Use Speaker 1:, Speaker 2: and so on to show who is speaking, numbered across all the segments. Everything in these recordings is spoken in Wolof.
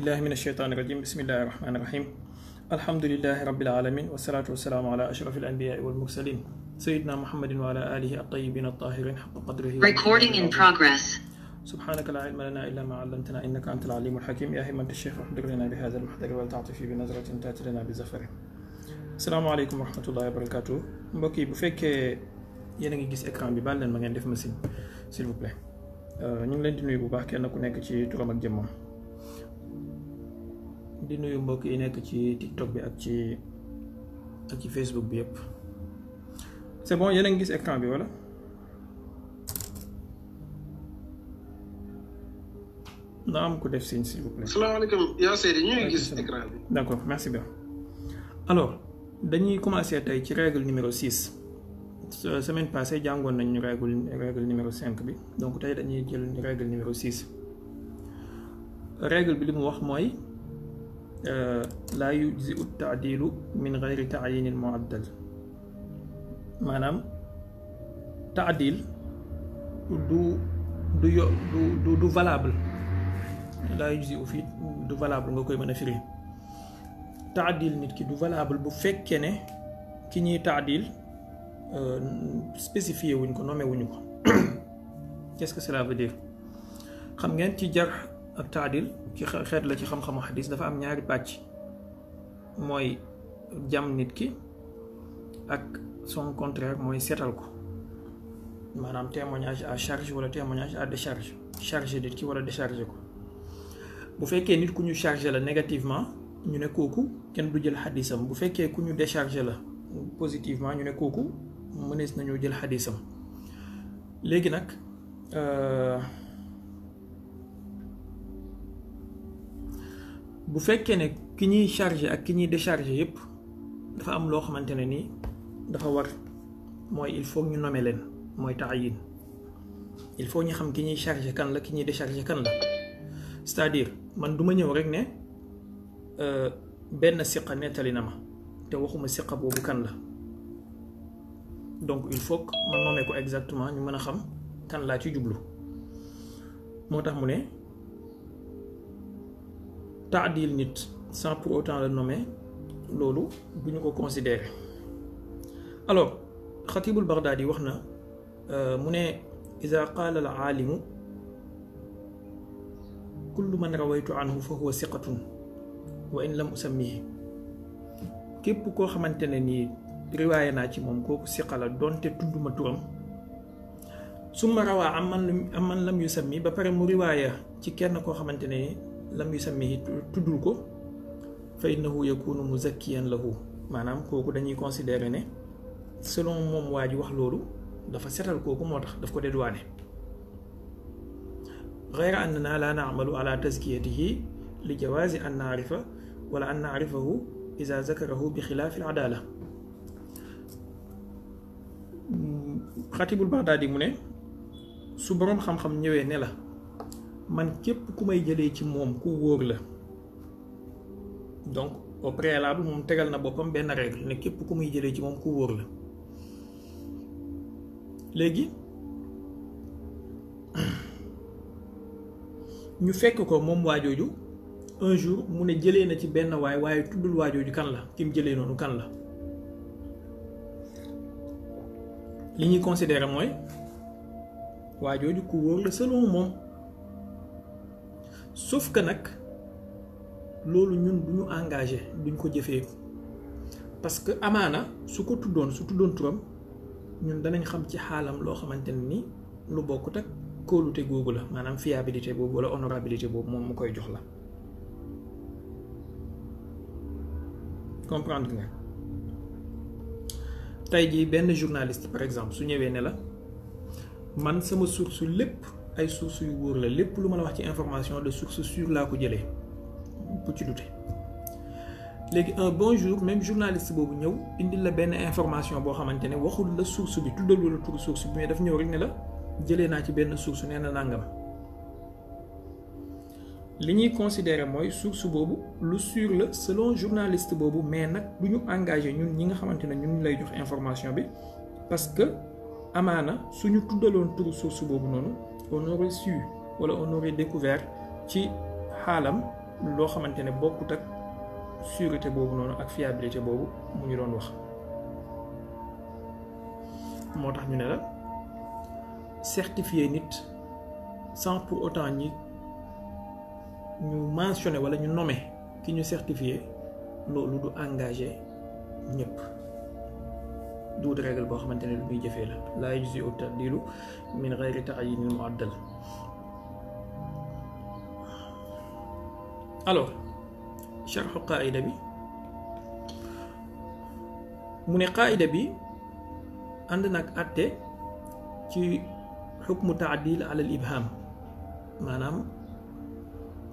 Speaker 1: بالله من الشيطان الرجيم بسم الله الرحمن الرحيم الحمد لله رب العالمين والصلاة والسلام على أشرف الأنبياء والمرسلين سيدنا محمد وعلى آله الطيبين الطاهرين حق قدره Recording in progress سبحانك لا علم لنا إلا ما علمتنا إنك أنت العليم الحكيم يا همة الشيخ احضر لنا بهذا المحضر ولتعطف بنظرة تأتي لنا بزفر السلام عليكم ورحمة الله وبركاته mbokk بفك ينجي جيس أكرام ببالن gis écran bi baal leen ma ngeen بباكي ma sin s'il جمعه di nuyu mbokk yi nekk ci tiktok bi ak ci ak ci facebook bi yëpp c'est bon yéen a gis écran bi wala na am ko def signe s'il vous plaît.
Speaker 2: salaamaaleykum yaa Seydi ñu ngi gis écran bi.
Speaker 1: d'accord merci bien alors dañuy commencer tey ci règle numéro 6 semaine passée jàngoon nañu règle règle numéro 5 bi donc tey dañuy jël règle numéro 6 règle bi li mu wax mooy. آه، لا يجزئ التعديل من غير تعيين المعدل مانام تعديل دو دو دو دو دو فالابل لا يجزئ في دو فالابل غوكاي مانا فيري تعديل نيت كي دو فالابل بو فكيني كي ني تعديل سبيسيفيي وين كو نومي وين كو كيسكو سلا فو دير خمغن تي جرح ak taadil ci xeet la ci xam-xamu xadis dafa am ñaari pàcc mooy jam nit ki ak son contraire mooy seetal ko maanaam témoignage à charge wala témoignage à décharge charge nit ki wala déchargé ko bu fekkee nit ku ñu charger la négativement ñu ne kooku kenn du jël xadisam bu fekkee ku ñu décharger la positivement ñu ne kooku mënees nañu jël xadisam léegi nag euh, bu fekkee ne ki ñuy chargé ak ki ñuy déchargé yépp dafa am loo xamante ne ni dafa war mooy il faut ñu nommer leen mooy taayin il faut ñu xam ki ñuy chargé kan la ki ñuy déchargé kan la c'est-à-dire man du ma ñëw rek ne euh, benn siqa nettali na ma te waxuma siqa boobu kan la donc il faut que ma ko exactement ñu mën a xam kan laa ci jublu moo tax mu ne taadil nit sans pour autant le nommer loolu bu ñu ko considérer alors xatibul Baghdadi wax na euh, mu ne ida qaala la aalimu kullu man rawaytu anhu fa huwa siqatun wa in lam usammihi képp koo xamante ne nii riwaaye naa ci moom kooku siqa la donte tudduma turam summa rawaa am man am man lam yusammi ba pare mu riwaaya ci kenn koo xamante لم يسميه تدلكو فإنه يكون مزكيا له maanaam kooku dañuy considéré ne selon moom waa ji wax loolu dafa setal kooku غير أننا لا نعمل على تزكيته لجواز أن نعرفه ولا أن نعرفه إذا ذكره بخلاف العدالة خطيب البغدادي مني سبرم خم خم نيوه نيلا man képp ku may ci moom ku la donc au préalable moom tegal na boppam benn règle ne képp ku muy jëlee ci moom ku wóor la léegi ñu fekk ko moom un jour mu ne na ci waay kan la Kim jëlee la li ñuy considérer mooy waajooju ku selon moi sauf que nak lolou ñun duñu ñu engagé duñ ko jëfé parce que amana, su ko tuddoon su tuddoon turam ñun danañ xam ci xalam lo xamanteni ne ni lu bokkut ak kóolute googu la maanaam fiabilité boobu wala honorabilité boobu moom mu koy jox la comprendre nga tey jii benn journaliste par exemple su ñëwee ne la man sama source lépp ay sources yu la information de un bon jour même journaliste boobu ñëw indil la information boo xamante la source bi tuddalu la source mais daf rek la ci source nee na source selon journaliste mais nag engagé ñun ñi nga information parce que amaana suñu tuddaloon turu source on aurait su wala on aurait découvert ci xaalam loo xamante ne bokkut ak sûreté boobu noonu ak fiabilité boobu mu ñu doon wax moo tax ñu ne la certifier nit sans pour autant ñi ñu mentionné wala ñu nommé ki ñu certifier loolu du engagé ñëpp دود راجل بو خامتاني لو بيجي فيلا لا يجزي التعديل من غير تعيين المعدل الو شرح قاعده بي من قاعده بي عندنا اتي تي حكم تعديل على الابهام مانام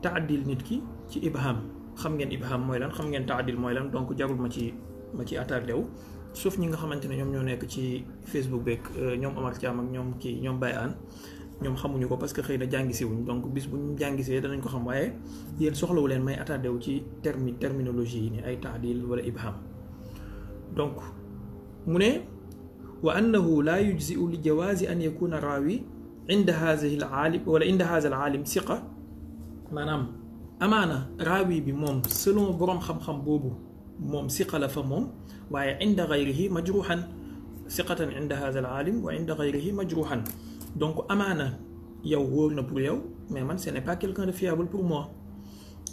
Speaker 1: تعديل نتكي تي ابهام خم ابهام مويلان خم تعديل مويلان دونك جابل ما تي ما تي اتار suuf ñi nga xamante ne ñoom ñoo nekk ci Facebook beeg ñoom Omar Thiam ak ñoom kii ñoom Baye Anne ñoom xamuñu ko parce que xëy na jàngisi wuñ donc bis bu ñu jàngisee danañ ko xam waaye yéen soxla wu leen may attardé wu ci termi terminologie yi ni ay ta'dil wala ibham donc mu ne wa annahu la yujziu li jawaazi an yakuna rawi inda haadihi al alim wala inda hadha al alim siqa manam amana rawi bi mom selon borom xam-xam bobu mom siqa la fa mom وعند غيره مجروحا ثقة عند هذا العالم وعند غيره مجروحا donc amaana yow wóor na pour yow mais man ce n'est pas quelqu'un de fiable pour moi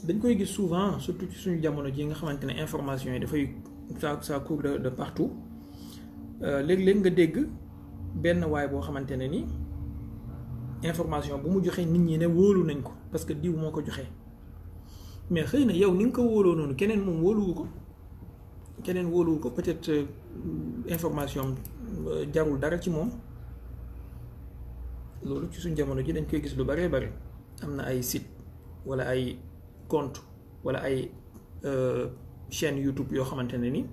Speaker 1: dañ koy gis souvent surtout ci suñu jamono ji nga xamante ne information yi dafay ça ça court de de partout léeg-léeg nga dégg benn waay boo xamante ne ni information bu mu joxee nit ñi ne wóolu nañ ko parce que diw moo ko joxee mais xëy na yow ni nga ko wóoloo noonu keneen moom wóoluwu ko keneen wóoluwul ko peut-être euh, information euh, jarul dara ci moom loolu ci suñ jamono ji dañ koy gis lu baree bare am na ay site wala ay compte wala ay euh, chaîne YouTube yoo xamante ne ni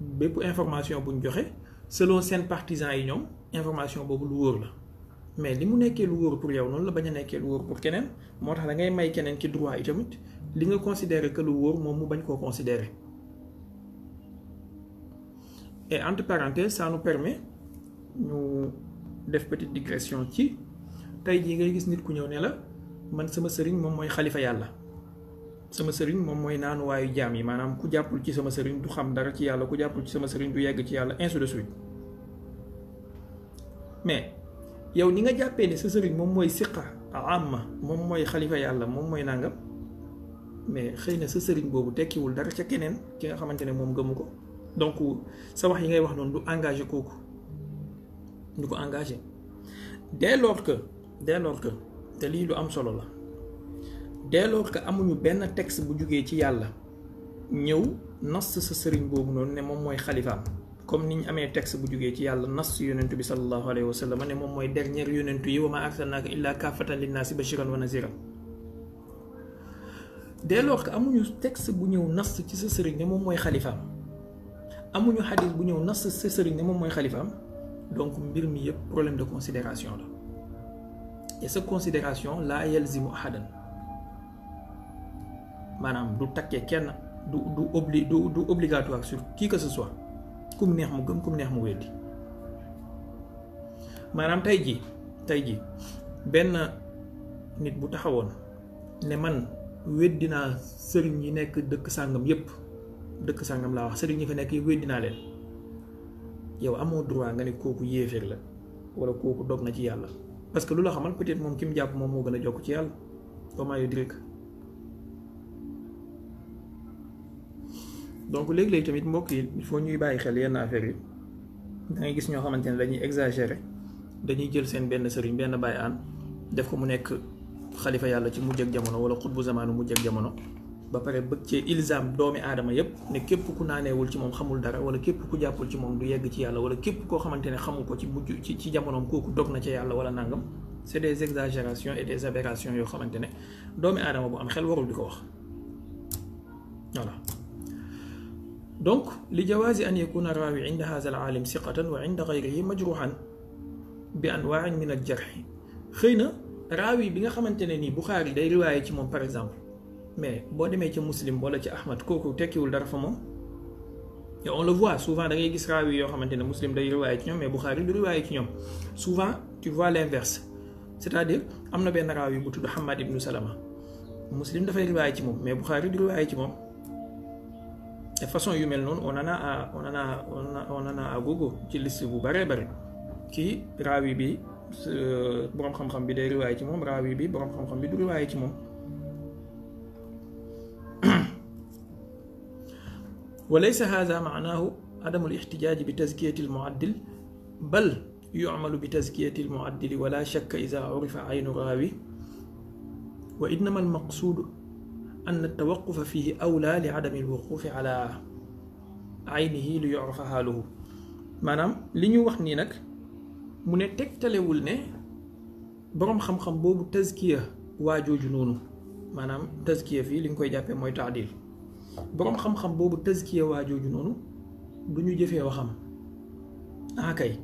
Speaker 1: bépp information buñ joxe selon seen partisans yi ñoom information boobu lu wóor la mais li mu nekkee lu wóor pour yow noonu la bañ a nekkee lu wóor pour keneen moo tax da ngay may keneen ki droit yi tamit li nga considérer que lu wóor moom mu bañ koo considérer et entre parenthèses ça nous permet ñu def petite digression ci tey jii ngay gis nit ku ñëw ne la man sama sëriñ moom mooy xalifa yàlla sama sëriñ moom mooy naanuwaayu jaam yi maanaam ku jàppul ci sama sëriñ du xam dara ci yàlla ku jàppul ci sama sëriñ du yegg ci yàlla ainsi de suite mais yow ni nga jàppee ne sa sëriñ moom mooy siqa amma moom mooy nangam mais dara ca keneen ki nga ne moom donc euh, sa wax yi ngay wax du engagé kooku nous ko engagé dès lors que dès lors que te lii lu am solo la dès lors que amuñu ben texte bu jugee ci yalla ñew nas ce serigne bobu non ne mom moy khalifa comme niñ amé texte bu jugee ci yalla nas yonentu bi sallallahu alayhi wa sallam ne mom moy dernier yonentu yi wama ma illa illaa kaafatan linnaasi bashiran wa nazira dès lors que amuñu texte bu ñew nas ci ce serigne ne moom mooy amuñu hadith bu ñëw nas sa sëriñ ne moom mooy xalifaam donc mbir mi yëpp problème de considération la et sa considération la yelzimu ahadan maanaam du takkee kenn du du obli du du obligatoire sur qui que ce soit kum neex mu gëm kum neex mu weddi maanaam tey jii tey jii benn nit bu taxawoon ne man weddi naa sëriñ yi nekk dëkk sàngam yépp dëkk sàngam laa wax sëriñ ñi fa nekk yi weddi dinaa leen yow amoo droit nga ne kooku yéeféer la wala kooku dog na ci yàlla parce que lu la xamal peut-être moom ki mu jàpp moom moo gën a jokk ci yàlla comment donc léegi-léegi tamit mbokk yi foo ñuy bàyyi xel yenn affaire yi da ngay gis ñoo xamante ne dañuy exagérer dañuy jël seen benn sëriñ benn bàyyi aan def ko mu nekk xalifa yàlla ci mujj ak jamono wala xutbu zamaanu mu ak jamono ba pare bëgg ci ilzam doomi adama yépp ne képp ku naaneewul ci moom xamul dara wala képp ku jàppul ci moom du yegg ci yàlla wala képp koo xamante ne xamu ko ci mujj ci ci jamonoom kooku dog na ca yàlla wala nangam c'est des exagérations et des aberrations yoo xamante ne doomi adama bu am xel warul di ko wax voilà donc li jawaazi an yakuna raawi inda haza alaalim siqatan wa inda gayrihi majruhan bi anwaain min aljarxi xëy na raawi bi nga xamante ne nii buxaari day riwaaye ci moom par exemple mais boo demee ci muslim wala ci ahmad kooku tekkiwul dara fa moom et on le voit souvent da ngay gis raawi yoo xamante ne muslim day riwaaye ci ñoom mais buxaari du riwaaye ci ñoom souvent tu vois l'inverse c'est-à-dire am na benn raawi bu tudd Hamad ibnu Salama muslim dafay riwaaye ci moom mais buxaari du riwaaye ci moom te façon yu mel noonu on en a à on en a on en a à gogo ci liste bu bare bare ki raawi bi euh, boroom xam-xam bi day riwaaye ci moom raawi bi boroom xam-xam bi du riwaaye ci moom. وليس هذا معناه عدم الاحتجاج بتزكية المعدل بل يعمل بتزكية المعدل ولا شك إذا عرف عين الراوي وإنما المقصود أن التوقف فيه أولى لعدم الوقوف على عينه ليعرف حاله ما li ñu wax nii nag mu بروم tegtalewul ne boroom xam-xam boobu tazkiya تزكيه noonu maanaam tazkiya موي تعديل borom xam-xam boobu tëskiye waa jooju noonu du ñu jëfee waxam ah kay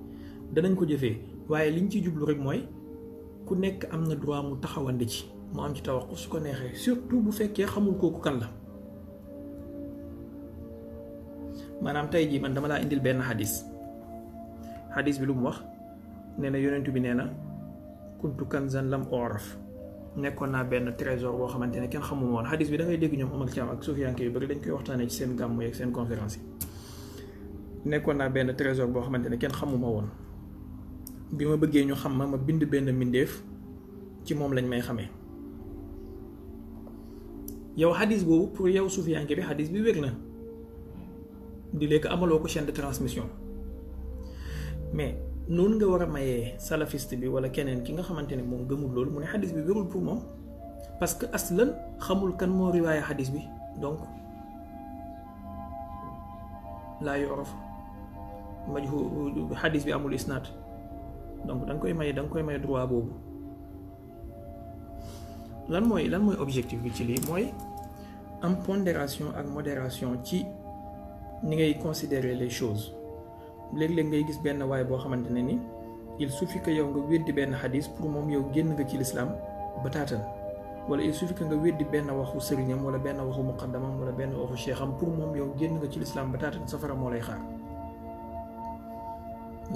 Speaker 1: danañ ko jëfee waaye li liñ ci jublu rek mooy ku nekk am na droit mu taxawandi ci mu am ci tawax su ko neexee surtout bu fekkee xamul kooku kan la maanaam tey jii man dama laa indil benn xadis xadis bi lu mu wax nee na yonentu bi nee na kuntu kanzan lam oraf nekkoon naa benn trésor boo xamante ne kenn xamul woon xadis bi da ngay dégg ñoom Omar Thiam ak Soufiane yu bëri dañ koy waxtaanee ci seen gàmmu yeeg seen conférence yi nekkoon naa benn trésor boo xamante ne kenn xamuma woon bi ma bëggee ñu xam ma ma bind benn mbindeef ci moom lañ may xamee yow xadis boobu pour yow Soufiane bi xadis bi wér na di lekk amaloo ko chaîne de transmission mais. noonu nga war a mayee salafiste bi wala keneen ki nga xamante ne moom gëmul loolu mu ne xadis bi wérul pour moom parce que aslan xamul kan moo riwaaya xadis bi donc laa yorof majhu xadis bi amul isnaat donc da nga koy maye da nga koy maye droit boobu lan mooy lan mooy objectif bi ci lii mooy am pondération ak modération ci ni ngay considérer les choses léeg-léeg ngay gis benn waay boo xamante ne ni il suffit que yow nga weddi benn xadis pour moom yow génn nga ci lislaam ba taatan wala il suffit que nga weddi benn waxu sëriñam wala benn waxu muqaddamam wala benn waxu cheikham pour moom yow génn nga ci lislaam ba taatan safara moo lay xaar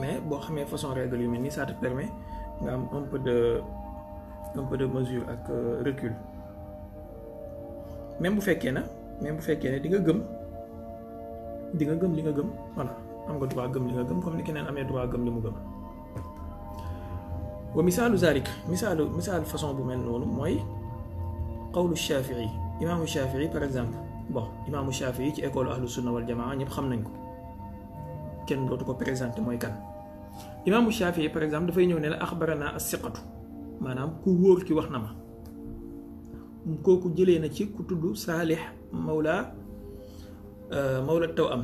Speaker 1: mais boo xamee façon règle yu mel nii ça te permet nga am un peu de un peu de mesure ak euh, recul même bu fekkee na même bu fekkee ne di nga gëm di nga gëm li nga gëm voilà am nga droit gëm li nga gëm comme ni keneen amee droit gëm li mu gëm wa misaalu zalik misaalu misaalu façon bu mel noonu mooy qawlu shafii imaamu shafii par exemple bon imaamu shafii ci école ahlu sunna wal jamaa ñëpp xam nañ ko kenn dootu ko présenté mooy kan imaamu shafii par exemple dafay ñëw ne la axbarana as-siqatu maanaam ku wóor ki wax na ma kooku jëlee na ci ku tudd saalix mawla mawla taw am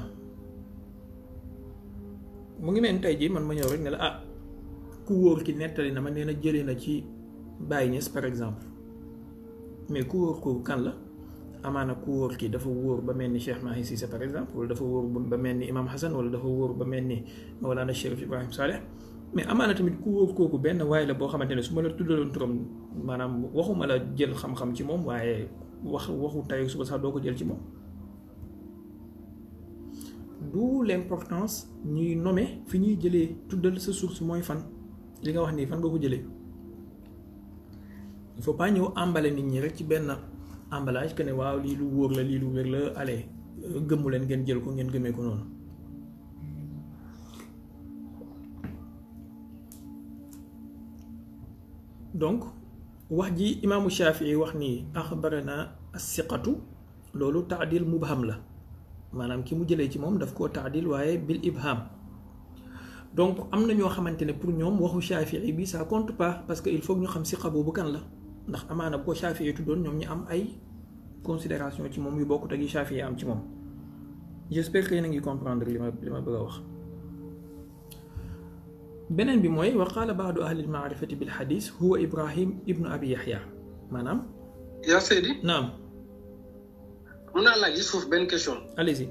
Speaker 1: mu ngi mel ni tey jii man ma ñëw rek ne la ah ku wóor ki nettali na ma nee na jëlee na ci Baye Niass par exemple mais ku wóor kooku kan la amaana ku wóor ki dafa wóor ba mel ni Cheikh Mahi Cissé par exemple wala dafa wóor ba mel ni Imam Hassan wala dafa wóor ba mel ni Mawlana Cheikh Ibrahim Saleh mais amaana tamit ku wóor kooku benn waaye la boo xamante ne su ma la tuddaloon turam maanaam waxuma la jël xam-xam ci moom waaye wax waxu tey suba sax doo ko jël ci moom. d'où l'importance ñuy nommer fi ñuy jëlee tuddal sa source mooy fan li nga wax nii fan nga ko jëlee il faut nit ñi ci benn emballage que ne waaw lii lu wóor la lii lu wér euh, gëmmu leen ngeen jël ko ngeen gëmee noonu donc wax ji imaamu Shafii wax nii na asiqatu loolu taadil mubham la manam ki mu jele ci mom daf ko ta'dil waye bil ibham donc amna ño xamantene pour ñom waxu shafii bi ça compte pas parce que il faut ñu xam si xabu bu kan la ndax amana ko shafii tuddoon ñom ñi am ay considération ci mom yu bokku ak yi shafii am ci mom j'espère que yéen ngi comprendre li ma li ma bëgg wax benen bi moy wa qala ba'du ahli al-ma'rifati bil hadith huwa ibrahim ibn abi yahya manam ya sayyidi naam
Speaker 2: On a là, juste Ben question. Allez-y.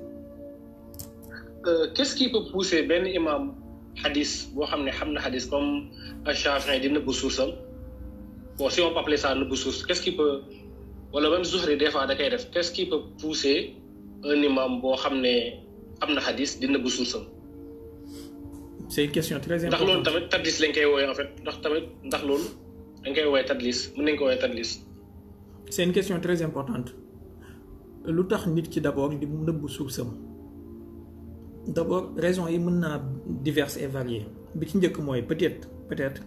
Speaker 2: Euh, Qu'est-ce qui peut pousser Ben Imam Hadith, hadith comme chef Bon, si on peut appeler ça Nubusous, qu'est-ce qui peut. Ou même Zuhri, Defa fois, qu'est-ce qui peut pousser un imam bo xamné amna hadith dina bu c'est une question très importante ndax lolou tamit tadlis lañ koy woyé en fait ndax tamit ndax lolou dañ koy woyé tadlis mën nañ tadlis
Speaker 1: c'est une question très importante lu tax nit ki d'abord abord di nëbb D'abord, raison yi mën naa diverses et variées bi ci njëkk mooy peut-être peut-être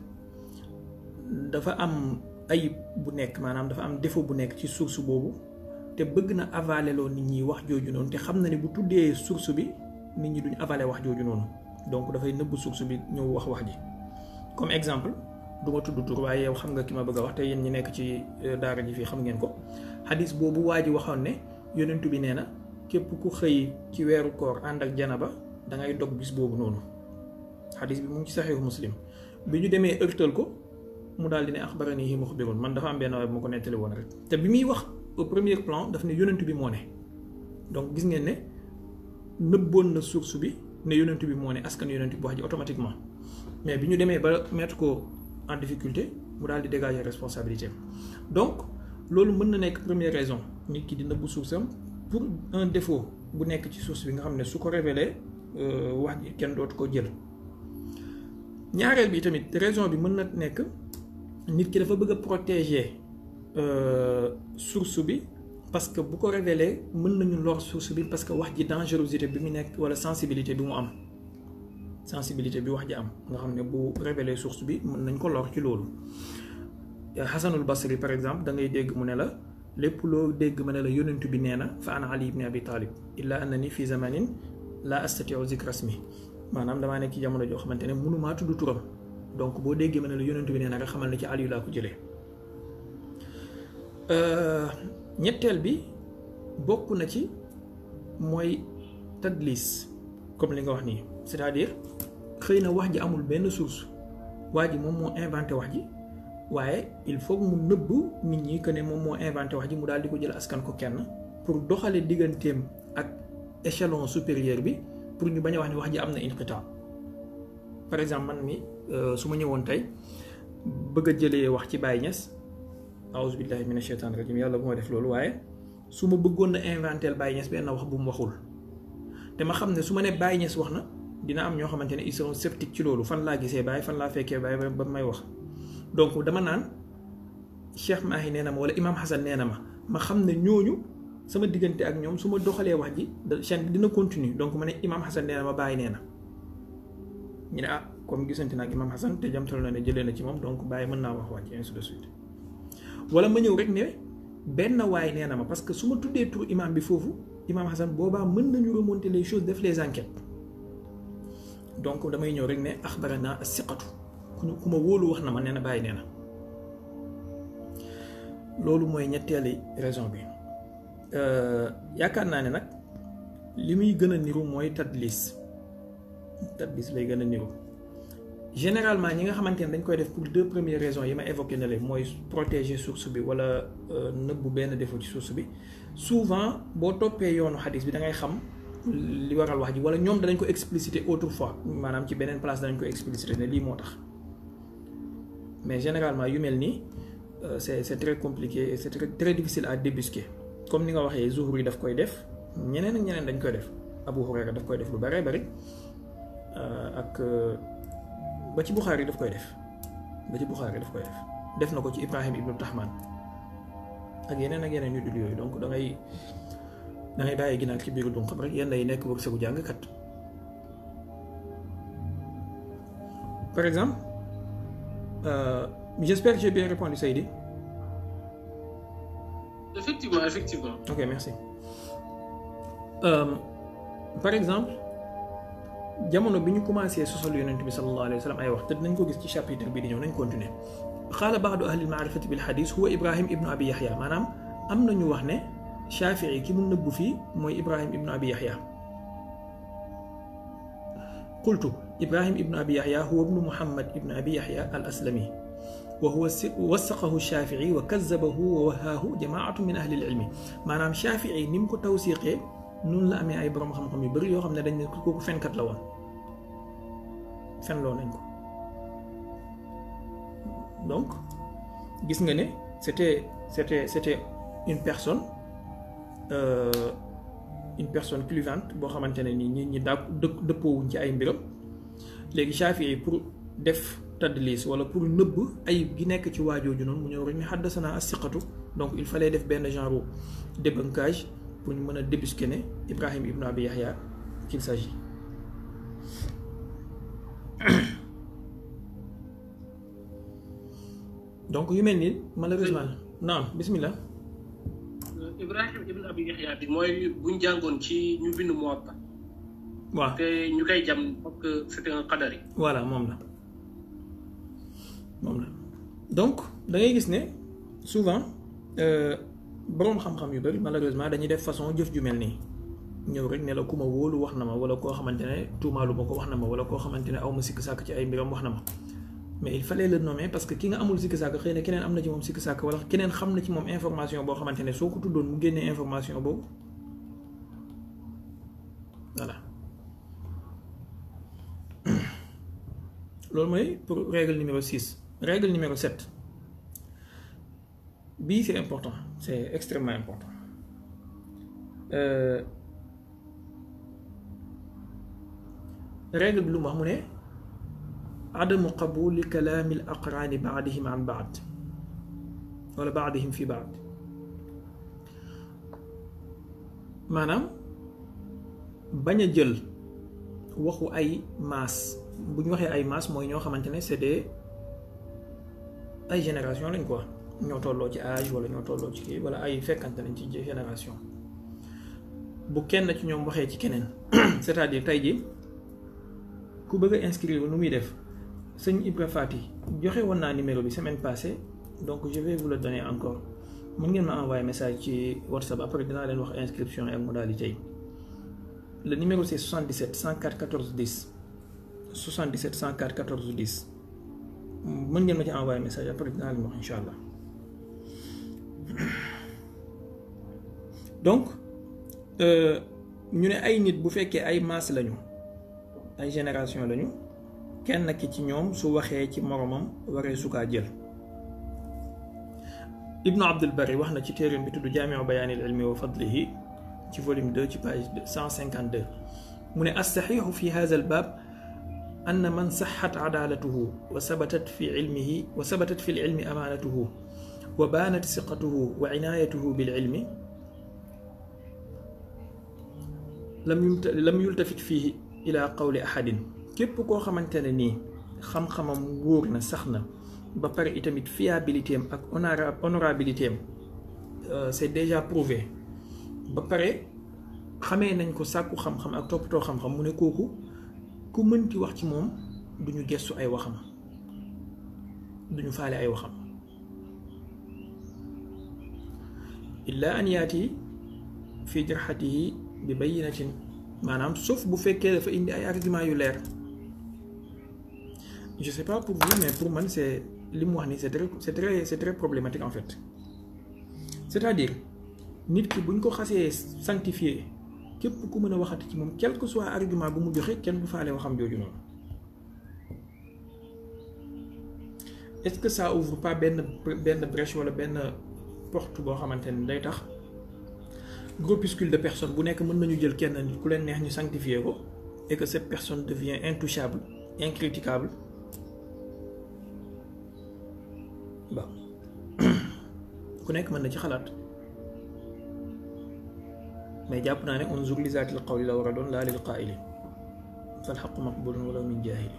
Speaker 1: dafa am ayib bu nekk maanaam dafa am défaut bu nekk ci source boobu te bëgg na avaler loo nit ñi wax jooju noonu te xam na ni bu tuddee source bi nit ñi duñ avaler wax jooju noonu donc dafay nëbb source bi ñëw wax wax ji comme exemple du ma tudd tur waaye yow xam nga ki ma bëgg a wax te yéen ñi nekk ci euh, daara ji fii xam ngeen ko xadis boobu waa ji waxoon ne. yonentu bi nee na képp ku xëy ci weeru koor ànd ak jana ba dangay dog bis boobu noonu xadis bi mu ngi ci saxiixu muslim bi ñu demee ërtal ko mu daal di ne axbaranihi muxbirun man dafa am benn waaye ko nettali woon rek te bi muy wax au premier plan daf ne yonentu bi moo ne donc gis ngeen ne nëbboon na source bi ne yonentu bi moo ne askan yonentu bi wax ji automatiquement mais bi ñu demee ba mettre ko en difficulté mu daal di dégager responsabilité donc loolu mën na nekk première raison nit ki dina bu suuf sam pour un défaut bu nekk ci source bi nga xam ne su ko révélé euh, wax ji kenn dootu ko jël ñaareel bi tamit raison bi mën na nekk nit ki dafa bëgg a protéger euh, source bi parce que bu ko révélé mën nañu lor source bi parce que wax ji dangerosité bi mu nekk wala sensibilité bi mu am sensibilité bi wax ji am nga xam ne bu révélé source bi mën nañ ko lor ci loolu حسن البصري بار اكزامبل دا ngay دغ مونيلا لپ لو دغ مونيلا يونت بي نينا فانا علي بن ابي طالب الا انني في زمان لا استطيع ذكر اسمي مانام داما نيكي جامونو جو خمانتيني مونو ما تودو تورم دونك بو دغ مونيلا يونت بي نينا غا خمال نتي علي لا كو جيلي ا نيتل بي بوكو نتي موي تدليس كوم لي وخني سي دادير خينا واحد جي امول بن سورس واجي موم مو انفانتي واحد جي waaye il faut mu nëbb nit ñi que ne moom moo inventé wax ji mu daal di ko jël askan ko kenn pour doxale digganteem ak échelon supérieur bi pour ñu bañ a wax ni wax ji am inqita par exemple man mi euh, su ma ñëwoon tey bëgg a jëlee wax ci Baye Niass aouzu billahi mina shaytan rajim yàlla bu ma def loolu waaye su ma bëggoon na inventel Baye Niass benn wax bu mu waxul te ma xam ne su ma ne Baye Niass wax na dina am ñoo xamante ne ils sont sceptiques ci loolu fan laa gisee Baye fan laa fekkee Baye ba may wax donc dama naan Cheikh Mahi nee na ma wala Imam Hassan nee na ma ma xam ne ñooñu sama diggante ak ñoom su ma doxalee wax ji da chaîne bi dina continue donc ma ne Imam Hassan nee ma bàyyi nee na ñu ne ah comme gisante na ak Imam Hassan te jamtal na ne jëlee na ci moom donc bàyyi mën naa wax wax ji ainsi de suite wala ma ñëw rek ne benn waay nee na ma parce que su ma tuddee tur imam bi foofu Imam Hassan boobaa mën nañu remonter les choses def les enquêtes donc damay ñëw rek ne axbarana siqatu ku ma wóolu wax na ma nee na bàyyi nee loolu mooy ñetteeli raison bi euh, yaakaar naa ne nag li muy gën a niru mooy tadlis tadlis lay gën a niru généralement ñi nga xamante ne dañ koy def pour deux premières raisons yi ma évoqué ne la mooy protéger source bi wala euh, nëbbu benn défaut ci source bi souvent boo toppee yoonu xadis bi da ngay xam li waral wax ji wala ñoom danañ ko expliciter autrefois maanaam ci beneen place danañ ko expliciter ne lii moo tax mais généralement yu mel nii euh, c'est est très compliqué et c'est très très difficile à débusquer comme ni nga waxee Zuhri daf koy def ñeneen ak ñeneen dañ koy def Abu Hurayra daf koy def lu bëree bëri euh, ak euh, ba ci Buxaari daf koy def ba ci Buxaari daf koy def def na ko ci Ibrahim Ibnu Tahman ak yeneen ak yeneen yu dul yooyu donc da ngay da ngay bàyyi ginaar ci biiru dunqam rek yenn day nekk wërsëgu jàngkat par exemple. Euh, J'espère que j'ai bien répondu, Saïdi.
Speaker 2: Effectivement, effectivement.
Speaker 1: Ok, merci. Euh, par exemple, jamono bi ñu commencé sosol yonent bi sallallahu alayhi wa sallam ay wax te dinañ ko gis ci chapitre bi di ñëw nañ continuer xaala baadu ahlil maarifati bil Hadith, huwa ibrahim ibnu abi Yahya. maanaam am na ñu wax ne shafii ki mu nëbbu fii mooy ibrahim ibnu abi Yahya. qultu إبراهيم ابن أبي يحيى هو ابن محمد ابن أبي يحيى الأسلمي وهو وثقه الشافعي وكذبه ووهاه جماعة من أهل العلم ما نام شافعي نمكو توثيقه نون لا أمي أي برام خم خمي بري يوخم ندن كوكو فين كتلوان فين لون نكو دونك جيس نغني سيتي سيتي سيتي une personne euh, une personne cluvante bo xamantene ni ñi ñi dëppoo wuñ ci ay mbiram léegi yi pour def tadlis wala pour nëbb ayib gi nekk ci waajooju noonu mu ñëw rek ne xaddasana asiqatu donc il fallait def benn genre débunkage pour ñu mën a débusquer ne Ibrahim ibn Abi Yahya qu'il s'agit donc yu mel nii malheureusement naam bismillah
Speaker 2: euh, Ibrahim ibn Abi Yahya mooy buñ jàngoon ci ñu bind Muwatta waaw te ñu jam parce que un qadari.
Speaker 1: voilà moom la moom la donc da ngay gis ne souvent euh, boroom xam-xam yu bari malheureusement dañuy def façon jëf ju mel nii ñëw rek ne la ku ma wóolu wax na ma wala koo xamante ne tuumaalu ma ko wax na ma wala koo xamante ne aw ma sikk sàkk ci ay mbiram wax na ma mais il fallait le nommer parce que ki nga amul sikk sàkk xëy na keneen am na ci moom sikk sàkk wala keneen xam na ci moom information boo xamante ne soo ko tuddoon mu génnee information boobu voilà. loolu mooy pour règle numéro 6 règle numéro 7 bii c'est important c'est extrêmement important règle bi lu mu wax mu ne adamu qabuli kalaami l aqraani baadihim an baad wala baadihim fi baad maanaam bañ a jël waxu ay maas buñ à waxee ay masse mooy ñoo xamante ne c'est des ay génération lañ quoi ñoo tolloo ci âge wala ñoo tolloo ci kii wala ay fekkante lañ ci génération bu kenn ci ñoom waxee ci keneen c'est-à-dire tey ji ku bëgg inscrire nu muy def sëñ Ibra Fati joxe woon numéro bi semaine passée donc je vais vous le donner encore mën ngeen ma envoyer message ci WhatsApp après dinaa leen wax inscription ak modalité le numéro c'est 77 104 14 10. 77 104 14 10 من ينجي انواي ميساج ابري دنا ان شاء الله دونك ا ني اي نيت بو فكي اي ماس لا اي جينيراسيون لا نيو كين كي تي نيوم سو وخه تي مورومم وري سوكا جيل ابن عبد البري واخنا تي تيريم بي تدو جامع بيان العلم وفضله تي فوليوم 2 تي باج 152 من الصحيح في هذا الباب أن من صحت عدالته وثبتت في علمه وثبتت في العلم أمانته وبانت ثقته وعنايته بالعلم لم لم يلتفت فيه إلى قول أحد كيف كو خمانتاني خم خم مورنا سخنا بابار إتمت فيابيليتيم أك أونورابيليتيم آه، سي ديجا بروفي بابار خمي نانكو ساكو خم خم أك توب تو خم خم موني كوكو ku mënti wax ci moom duñu gestu ay waxam duñu faale ay waxam illa an yaati fi jarxatihi bi bayinatin maanaam sof bu fekkee dafa indi ay argument yu leer je sais pas pour vous mais pour man c'est li mu wax ni c'est très c'est très c'est en fait c'est-à-dire nit ki buñ ko xasee sanctifié képp ku mën a waxati ci moom quel que soit argument bu mu joxe kenn du faale waxam jooju noonu est-ce que ça ouvre pas benn benn brèche wala benn porte boo xamante ni day tax groupuscule de personnes bu nekk mën nañu jël kenn ku leen neex ñu sanctifier ko et que cette personne devient intouchable incriticable bon ku nekk mën na ci xalaat. ما جابنا أن أنزل لذات القول لا ورد لا للقائل فالحق مقبول ولو من جاهل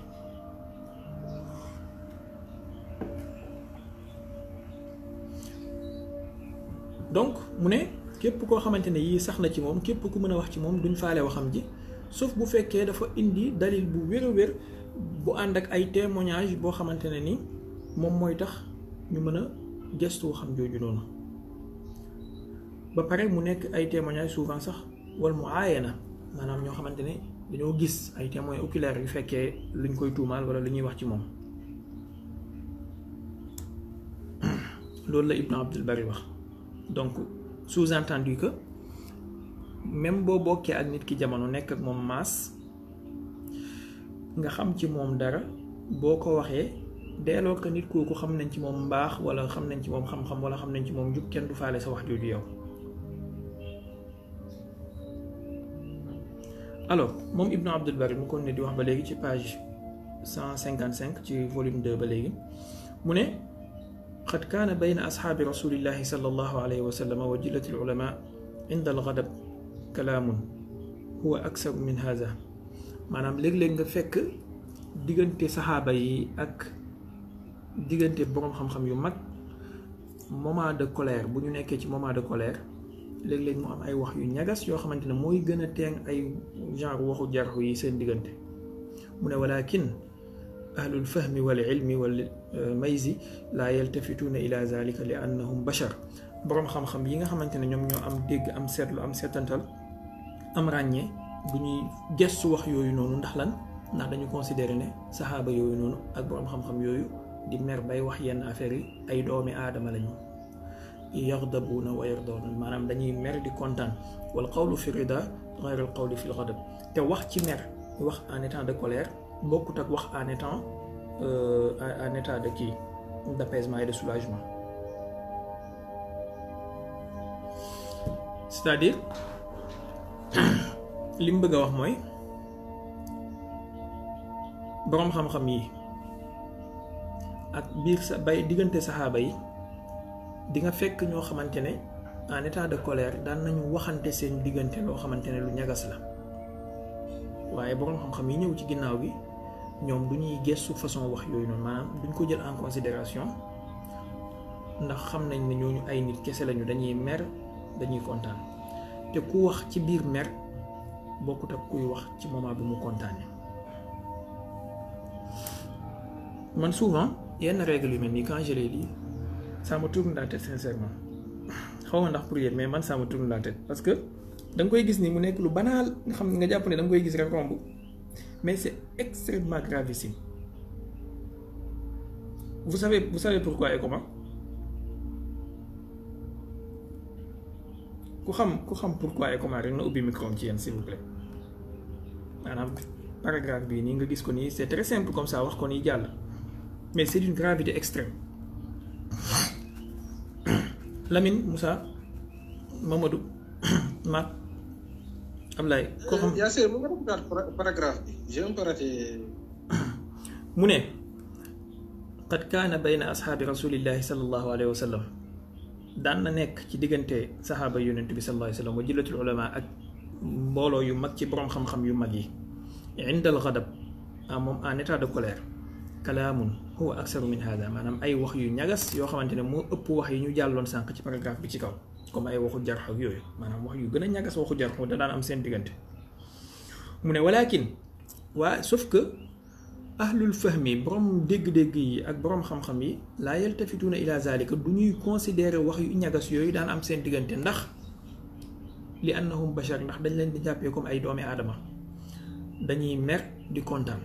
Speaker 1: دونك موني كيب كو خامتيني يي ساخنا سي موم كيب كو مانا واخ سي موم دون فالي واخام جي سوف بو فكيه دا فا اندي دليل بو ويرو وير بو اندك اي تيمونياج بو خامتيني ني موم موي تاخ ني مانا جيستو خام جوجو نونو ba pare mu nekk ay témoignages souvent sax wal mu aayana maanaam ñoo xamante ne dañoo gis ay témoins oculaires yu fekkee luñ koy tuumaal wala lu ñuy wax ci moom loolu la Ibn Abdul Bari wax donc sous-entendu que même boo bokkee ak nit ki jamono nekk ak moom maas nga xam ci moom dara boo ko waxee deeloo ko nit kooku xam nañ ci moom mbaax wala xam nañ ci moom xam-xam wala xam nañ ci moom jub kenn du faale sa wax jooju yow alors moom Ibnu Abdul Bari mu ko ne di wax ba léegi ci page 155 ci volume 2 ba léegi mu ne قد كان بين أصحاب رسول الله صلى الله عليه وسلم وجلة العلماء عند الغضب كلام هو أكثر من هذا maanaam léeg-léeg nga fekk diggante saxaaba yi ak diggante borom xam-xam yu mag moment de colère bu ñu nekké ci moment de colère léeg-léeg mu am ay wax yu ñagas yoo xamante ne mooy gën a teeng ay genre waxu jarxu yi seen diggante mu ne walakin ahlul fahmi wal ilmi wal mayzi la yaltafituna ila zalika li annahum bashar borom xam-xam yi nga xamante ne ñoom ñoo am dégg am seetlu am seetantal am ràññee bu ñuy gestu wax yooyu noonu ndax lan ndax dañu considéré ne sahaba yooyu noonu ak borom xam-xam yooyu di mer bay wax yenn affaire yi ay doomi aadama lañu يغضبون ويرضون مانام داني مير دي كونتان والقول في الرضا غير القول في الغضب تا واخ تي مير واخ ان ايتان دو كولير بوكو تاك واخ ان ايتان ان ايتان دو كي دابيزمان اي دو سولاجمان ستادير لم بغا واخ موي بروم خام خام يي ak bir sa bay digënté sahaba yi di nga fekk ñoo xamante ne en état de colère daan nañu waxante seen diggante loo xamante ne lu ñagas la waaye borom xam-xam yi ñëw ci ginnaaw gi ñoom du ñuy gestu façon wax yooyu noonu maanaam duñ ko jël en considération ndax xam nañ ne ñooñu ay nit kese lañu dañuy mer dañuy kontaan te ku wax ci biir mer bokkut ak kuy wax ci moment bi mu kontaane man souvent yenn règle yu mel quand je les lis ça me tourne la tête sincèrement xaw ndax pour yéen mais man ça me tourne la tête parce que da nga koy gis ni mu nekk lu banal nga xam nga jàpp ne da nga koy gis rek romb mais c'est extrêmement gravissime vous savez vous savez pourquoi et comment ku xam ku xam pourquoi et comment rek na ubbi micro ci yéen s'il vous plaît maanaam paragraphe bii nii nga gis ko nii c'est très simple comme ça wax ko nii jàll mais c'est d'une gravité extrême لمن موسى مامادو ما املاي
Speaker 2: كوخم ياسر مو كم باراغراف دي جيم باراتي
Speaker 1: موني قد كان بين اصحاب رسول الله صلى الله عليه وسلم دان نيك سي ديغنتي صحابه يونت بي صلى الله عليه وسلم وجلت العلماء اك مbolo yu mag ci borom عند الغضب ام ان état de كلام هو اكثر من هذا مانام اي واخ يو نياغاس يو خامتاني مو اوب واخ يي نيو جالون سانك سي باراغراف بي سي كاو كوم اي واخو جارح اك يوي مانام واخ يو غنا نياغاس واخو جارح دا دان ام سين ديغنت مون ولكن وا سوف كو اهل الفهم بروم ديغ ديغ يي اك بروم خام خام يي لا يلتفتون الى ذلك دو نيو كونسيدير واخ يي نياغاس يوي دان ام سين ديغنت ناخ لانهم بشر ناخ دنج لين دي جابيكم اي دومي ادمه دانيي مير دي كونتان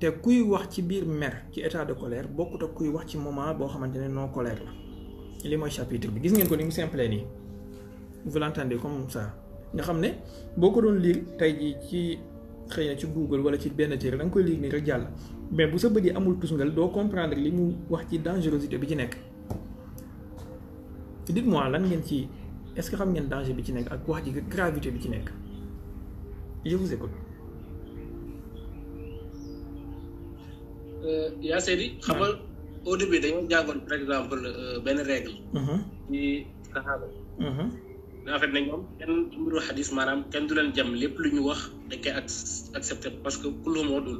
Speaker 1: te kuy wax ci biir mer ci état de colère bokkut ak kuy wax ci moment boo xamante ne non colère la li mooy chapitre bi gis ngeen ko ni mu simple nii vous l'entendez comme ça nga xam ne boo ko doon lire tey jii ci xëy na ci Google wala ci benn téere da nga koy lire ni rek jàll mais bu sa bët yi amul tusngal doo comprendre li mu wax ci dangerosité bi ci nekk dites-moi lan ngeen ci est-ce que xam ngeen danger bi ci nekk ak wax ji gravité bi ci nekk je vous écoute
Speaker 2: Eh, ya seri seeti xam nga au début dañoo jàngoon par exemple benn règle. ci saxaaba. en fait ne ñoom kenn mbiru xadis maanaam kenn du leen jam lépp lu ñu wax dañ koy accepté parce que ku loo moo dul.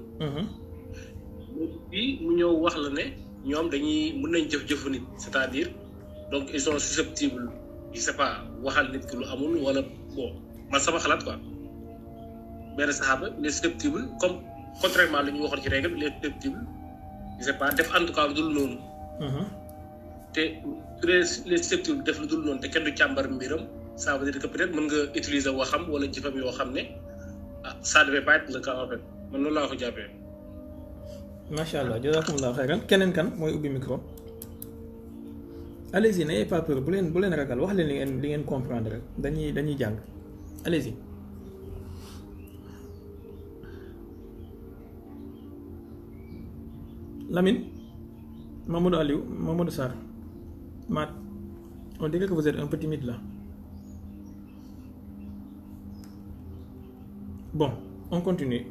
Speaker 2: léegi fii mu ñëw wax la ne ñoom dañuy mën nañ jëf-jëfu nit c'est-à-dire donc ils sont susceptibles je sais pas waxal nit ki lu amul wala bon man sama xalaat quoi benn saxaaba il est comme contrairement li ñu waxoon ci règle il est je sais pas def en tout cas lu dul noonu. Mhm. te su dee les secteurs def lu dul noonu te kenn du càmbar mbiram ça veut dire que peut être mën nga utiliser waxam wala jëfam yoo xam ne ah ça devait pas être le cas en fait man noonu laa ko jàppee.
Speaker 1: macha allah jazakumullah xayran keneen kan mooy ubbi micro. allez-y n'ayez pas bu leen bu leen ragal wax leen li ngeen li ngeen comprendre dañuy dañuy jàng allez Lamine Mamadou Aliou Mamadou Sarr Matt on dirait que vous êtes un peu timide là bon on continue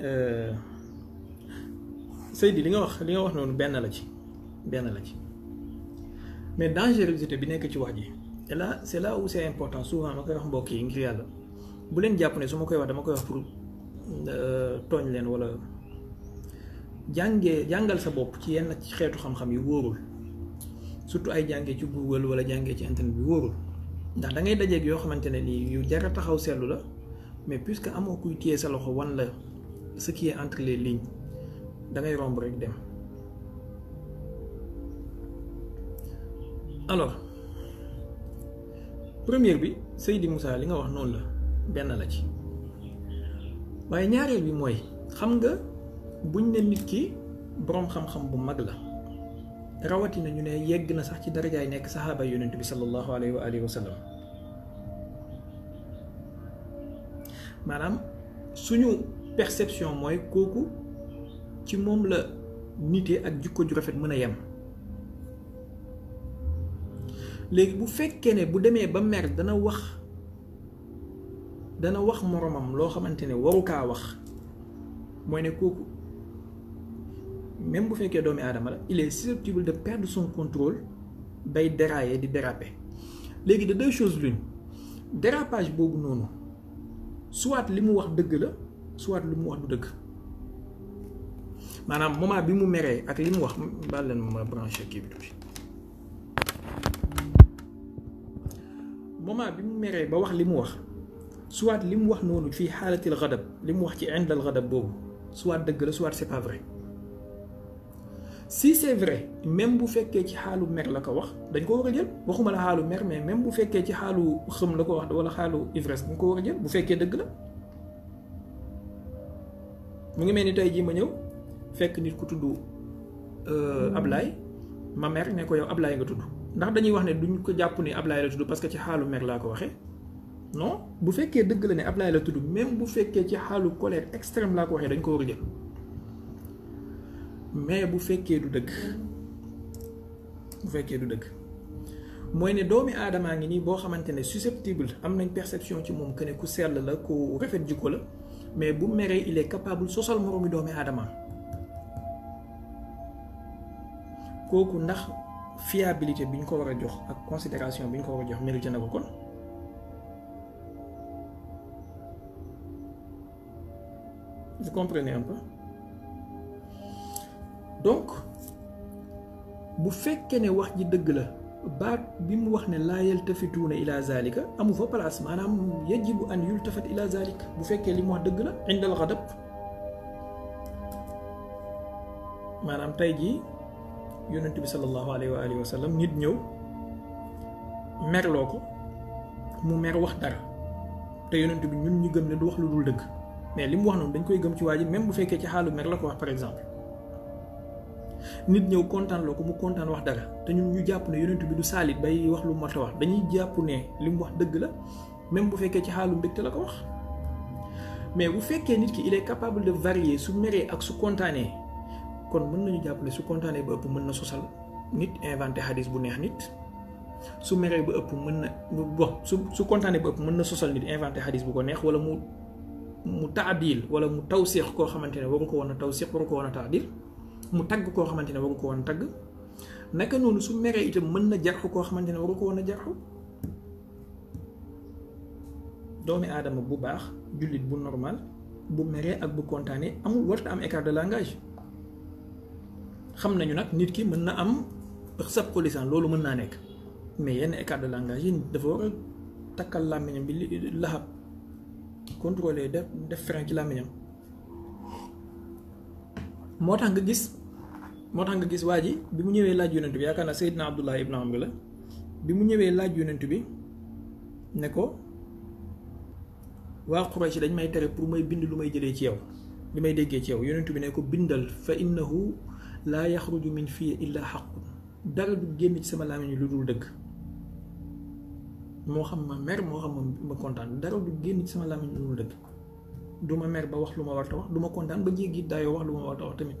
Speaker 1: euh, Seydi li nga wax li nga wax noonu benn la ci benn la ci mais dangerosité bi nekk ci wax ji et là c'est là où c'est important souvent ma koy wax mbokk yi ngir yàlla bu leen jàpp ne su ma koy wax dama koy wax pour euh, tooñ leen wala. jàngee jàngal sa bopp ci yenn xeetu xam-xam yi wóorul surtout ay jàngee ci Google wala jàngee ci internet bi wóorul ndax da ngay dajeeg yoo xamante ne nii yu jara taxaw seetlu la mais puisque amoo kuy téye sa loxo wan la ce qui est entre da ngay romb rek dem. alors première bi Seydi Moussa li nga wax noonu la benn la ci waaye ñaareel bi mooy xam nga. buñ ne nit ki boroom xam-xam bu mag la rawatina ñu ne yegg na sax ci darajaay nekk saxaaba yonent bi sallallahu alayhi wa alihi wa sallam maanaam suñu perception mooy kooku ci moom la nite ak jukko ju rafet mën a yem léegi bu fekkee ne bu demee ba mer dana wax dana wax moromam loo xamante ne waru kaa wax mooy ne kooku même si il est susceptible de perdre son contrôle bay dérailler di déraper y de deux choses l'une dérapage boobu noonu soit li mu wax la soit li mu wax du moment bi mu ak wax ma branché moment bi mu meree ba wax li wax soit li wax noonu fii xaalatil xadab soit soit c'est pas vrai si c'est vrai même bu fekkee ci xaalu mer la ko wax dañ ko war a jël waxuma la xaalu mer mais même bu fekkee ci xaalu xëm la ko wax wala xaalu ivresse dañ ko war a jël bu fekkee dëgg la mu ngi mel ni tey jii ma ñëw fekk nit ku tudd euh, Ablaye ma mer ne ko yow Ablaye nga tudd ndax dañuy wax ne duñ ko jàpp ne Ablaye la tudd parce que ci xaalu mer laa ko waxee non bu fekkee dëgg la ne Ablaye la tudd même bu fekkee ci xaalu colère extrême laa ko waxee dañ ko war a jël mais bu fekkee du dëgg bu fekkee du dëgg mooy ne doomi aadamaa ngi nii boo xamante ne susceptible am nañ perception ci moom que ne ku sell la ku rafet jikko la mais bu meree il est capable sosal moroomi doomi aadamaa kooku ndax fiabilité bi ñu ko war a jox ak considération bi ñu ko war a jox mérité na ko kon vous comprenez un peu donc bu fekkee ne wax ji dëgg la baat bi mu wax ne laa yaltafituuna ila zalika amu fa place maanaam yajibu an yultafat ila zalik bu fekkee li mu wax dëgg la indal al xadab maanaam tey jii bi sallallahu alayhi wa alihi wa sallam nit ñëw merloo ko mu mer wax dara te yonent bi ñun ñu gëm ne du wax lu dul dëgg mais li mu wax noonu dañ koy gëm ci waa ji même bu fekkee ci xaalu mer la ko wax par exemple nit ñëw kontaan loo ko mu kontaan wax dara te ñun ñu jàpp ne yonent bi du saalit bay wax lu mat a wax dañuy jàpp ne li mu wax dëgg la même bu fekkee ci xaalu mbégte la ko wax mais bu fekkee nit ki il est capable de varier su meree ak su kontaanee kon mën nañu jàpp ne su kontaanee ba ëpp mën na sosal nit inventé xadis bu neex nit su meree ba ëpp mën na bon su su kontaanee ba mën na sosal nit inventé bu ko neex wala mu mu taadil wala mu tawsiix koo xamante ne waru ko woon a tawsiix waru ko woon a taadil mu tagg koo xamante ne waru ko woon tagg naka noonu su meree itam mën na jarxu koo xamante ne waru ko woon a jarxu doomi aadama bu baax jullit bu normal bu meree ak bu kontaanee amul warta am écart de langage xam nañu nag nit ki mën na am sab lisaan loolu mën naa nekk mais yenn écart de langage yi dafa war a takkal làmmiñam bi laxab contrôler def def frein ci làmmiñam moo tax nga gis moo tax nga gis waa ji bi mu ñëwee laaj yonent bi yaakaar naa Seydina Abdullah ibn bi la bi mu ñëwee laaj yonent bi ne ko waa si dañ may tere pour may bind lu may jëlee ci yow li may déggee ci yow yonent bi ne ko bindal fa innahu laa yaxruju min fii illa xaqun dara du génn ci sama làmmiñ lu dul dëgg moo xam ma mer moo xam ma kontaan dara du génn ci sama làmmiñ lu dul dëgg du mer ba wax lu ma war wax du ma kontaan ba jéggi daayoo wax lu ma war tamit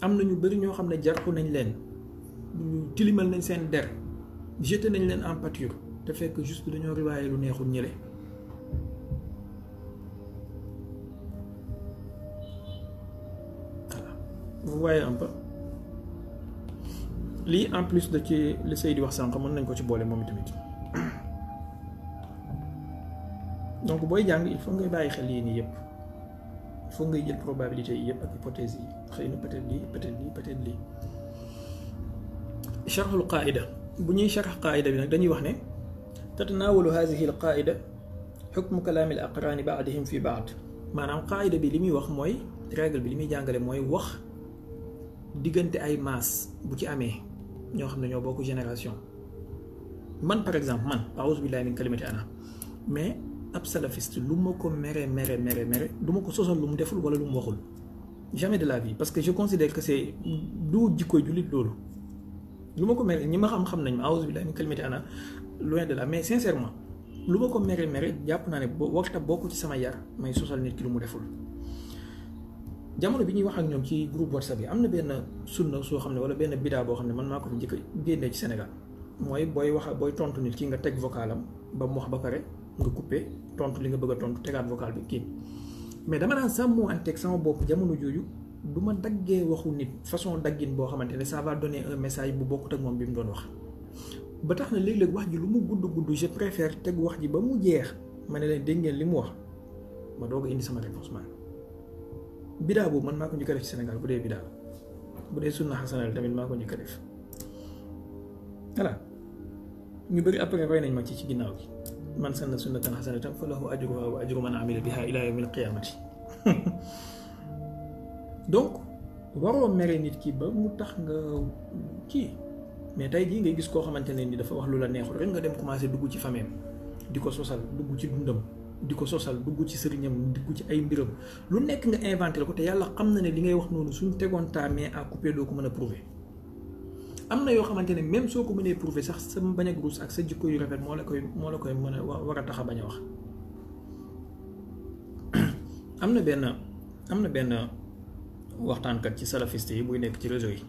Speaker 1: am na ñu bëri ñoo xam ne jàpp nañ leen tilimal nañ seen der jeté nañ leen en pâture te fekk juste dañoo riwaaye lu neexul ñële vous voyez un peu lii en plus de ci li Seydi wax sànq mën nañ ko ci boole moom tamit donc booy jàng il faut ngay bàyyi xel yii nii yëpp. foog ngay jël probabilité yi yëpp ak hypothèse yi xëy na peut-être lii peut-être lii peut-être bu ñuy charx qaida bi nag dañuy wax ne tatanaawalu hadihi al qaida xukmu kalaami al aqraani baadihim fi baad maanaam qaida bi li muy wax mooy règle bi li muy jàngale mooy wax diggante ay maas bu ci amee ñoo xam ne ñoo bokk génération man par exemple man aouzu billahi min kalimati ana mais ab salafiste lu ma ko mere mere mere mere du ma ko sosal lu mu deful wala lu mu waxul jamais de la vie parce que je considère que c'est du jikkoy jullit lolu lu ma ko mere ñi ma xam-xam nañ ma awus billahi min kalimati ana loin de là mais sincèrement lu ma ko mere mere jàpp naa ne waxta bokk ci sama yar may sosal nit ki lu mu deful jamono bi ñuy wax ak ñoom ci groupe whatsapp bi am na benn sunna soo xam ne wala benn bida boo xam ne man maa ko fi njëkk génnee ci Sénégal mooy booy wax booy tontu nit ki nga teg vocalam ba mu wax ba pare nga couper tontu li nga bëgg tontu tegaat vocal bi kii mais dama daan sàmmanteeg sama bopp jamono jooju du ma daggee waxu nit façon daggin boo xamante ne ça va donner un message bu bokkut ak moom bi mu doon wax. ba tax na léeg-léeg wax ji lu mu gudd gudd je préfère teg wax ji ba mu jeex ma ne leen dégg ngeen li mu wax ma doog a indi sama réponse man bidaa boobu man maa ko njëkk a def ci Sénégal bu dee bidaa bu dee sunna xasanal tamit maa ko njëkk a def voilà ñu bëri après roy nañ ma ci ci ginnaaw gi. man sanna sunnatan xasanatan fa lahu ajruha wa ajru man amila biha ila yawmi alqiyamati donc waroo mere nit kii ba mu tax nga kii mais tey jii ngay gis koo xamante ne ni dafa wax lu la neexul rek nga dem commencé dugg ci fameem di ko sosal dugg ci dundam di ko sosal dugg ci sëriñam dugg ci ay mbiram lu nekk nga inventé ko te yàlla xam na ne li ngay wax noonu suñ tegoon temps mais à couper doo ko mën a prouver am na yoo xamante ne même soo ko mënee prouver sax sa bañ a ruus ak sa jikko yu rafet moo la koy moo la koy mën a war a tax a bañ a wax am na benn am na benn waxtaankat ci salafiste yi muy nekk ci réseau yi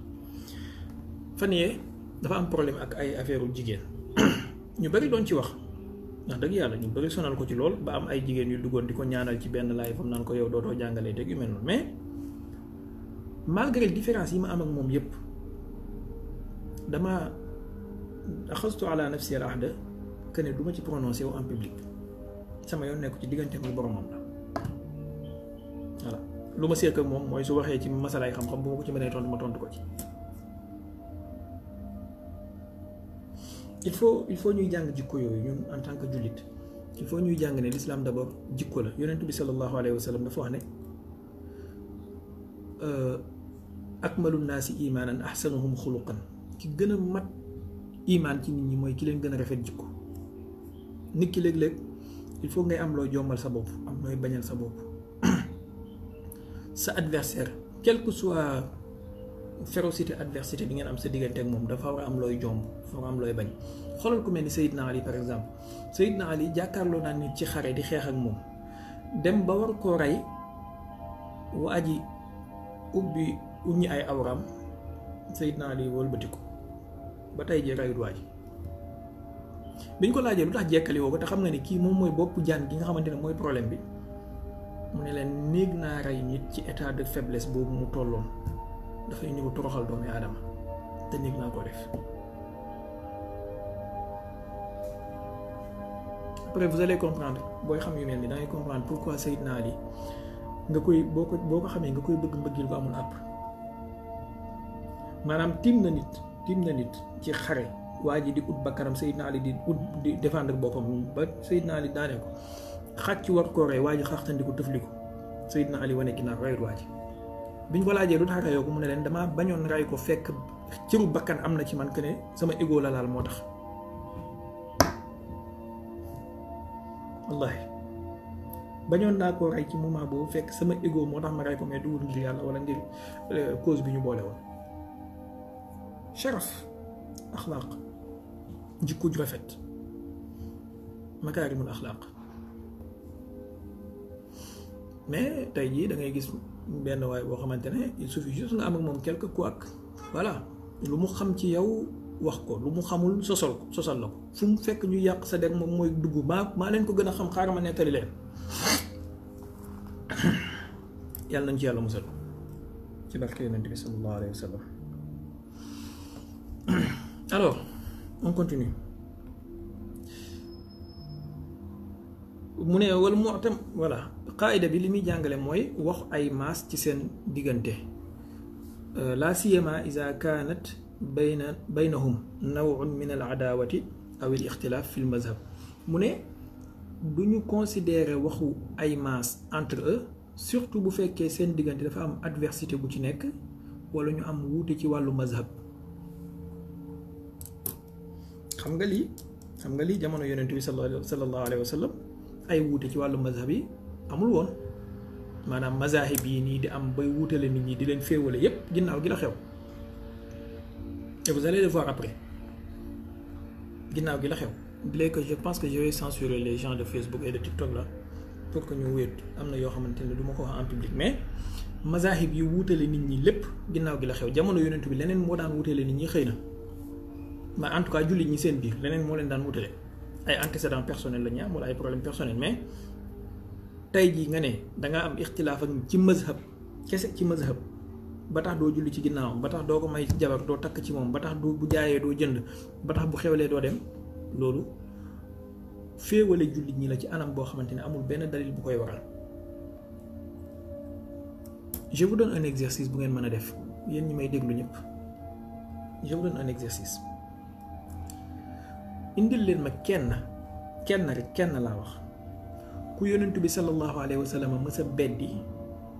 Speaker 1: fan yee dafa am problème ak ay affaire jigéen ñu bari doon ci wax ndax dëgg yàlla ñu bari sonal ko ci lool ba am ay jigéen yu duggoon di ñaanal ci benn laay fam naan ko yow dootoo jàngalee teg yu mel noonu mais malgré différence yi ma am ak moom yépp dama axastu ala nafsi al ahda que ne du ma ci prononcé wu en public sama yoon nekku ci digganteem ak boromam la voilà lu ma seq ak moom mooy su waxee ci masalaay xam-xam bu ma ko ci mënee tontu ma tontu ko ci. il faut il faut ñuy jàng jikko yooyu ñun en tant que jullit il faut ñuy jàng ne l'islam d'abord jikko la yonent bi sallallahu alayhi wa sallam dafa wax ne akmalu naasi imaanan ahsanuhum xuluqan ki gën a mat imaan ci nit ñi mooy ki leen gën a rafet jikko nit ki léeg-léeg il faut ngay am looy jombal sa bopp am looy bañal sa bopp sa adversaire quelque que soit férocité adversité bi ngeen am sa diggante ak moom dafa war a am looy jomb dafa war a am looy bañ xoolal ku mel ni Seydina yi par exemple Seydina Ali jàkkaarloo naa nit ci xare di xeex ak moom dem ba war koo rey waa ji ubbi uññi ay awram Seydina Ali wëlbati ko ba tey jii rayut waa ji ko laajee lu tax jekkali woo ko te xam nga ni kii moom mooy bopp jaan gi nga xamante ne mooy problème bi mu ne leen néeg naa rey nit ci état de faiblesse boobu mu tolloon dafay ñëw toroxal doomu aadama te néeg naa ko def. après vous allez comprendre booy xam yu mel ni da ngay comprendre pourquoi naa Ali nga koy boo ko boo ko xamee nga koy bëgg mbëggil ko amul àpp maanaam tiim na nit. tiim na nit ci xare waa ji di ut bakkanam Seydina Ali di ut di défendre boppam ba Seydina Ali daane ko xaj ci war koo rey waa ji xaxtandiku tëfli ko Seydina Ali wane ginnaaw reyul waa ji biñ ko laajee lu tax reyoo ko mu ne leen damaa bañoon rey ko fekk cëru bakkan am na ci man que ne sama ego la laal moo tax wallaahi bañoon naa koo rey ci moment boobu fekk sama ego moo tax ma rey ko mais duwul ngir yàlla wala ngir euh, cos bi ñu boole woon sharaf axlaaq jikko ju rafet makaarimul axlaaq mais tey jii da ngay gis benn waay boo xamante ne il suffit juste nga am ak moom quelque quoi ak voilà lu mu xam ci yow wax ko lu mu xamul sosal ko sosal la ko fu mu fekk ñu yàq sa der moom mooy dugg maa maa lañ ko gën a xam xaaral ma nettali leen yàlla nañ ci yàlla musal ci barke yonent bi sallallahu alayhi wa Alors, on continue. mu ne wala mu tam voilà qaayida bi li muy jàngale mooy wax ay maas ci seen diggante euh, laa siyama ida kaanat bayna baynahum nawun min al adaawati aw al ixtilaaf fi l mazhab mu ne du ñu considérer waxu ay maas entre eux surtout bu fekkee seen diggante dafa am adversité bu ci nekk wala ñu am wuute ci wàllu mazhab xam nga lii xam nga lii jamono yonent bi sallallahu alayhi wa sallam ay wuute ci wàllu mazhab yi amul woon maanaam mazahib yi nii di am bay wuutale nit ñi di leen féewale yépp ginnaaw gi la xew et vous allez le voir après ginnaaw gi la xew bien que je pense que je vais censurer les gens de Facebook et de TikTok là pour que ñu wéet am na yoo xamante ne du ma ko wax en public mais mazahib yi wuutale nit ñi lépp ginnaaw gi la xew jamono yonent bi leneen moo daan wuutale nit ñi xëy na mais en tout cas jullit ñi seen biir leneen moo leen daan wutale ay antécédents personnels la ñu am ah, ay problèmes personnels mais tey jii nga ne dangaa am ixtilaaf ak ci mazhab kese ci mazhab ba tax doo julli ci ginnaawam ba tax doo ko may jabar doo takk ci moom ba tax du bu jaayee doo jënd ba tax bu xewlee doo dem loolu féewale jullit ñi la ci anam boo xamante ne amul benn dalil bu koy waral je vous donne exercice bu ngeen mën a def yéen ñi may déglu ñëpp indil leen ma kenn kenn rek kenn laa wax ku yonent bi sallallahu alayhi wa sallam mës a beddi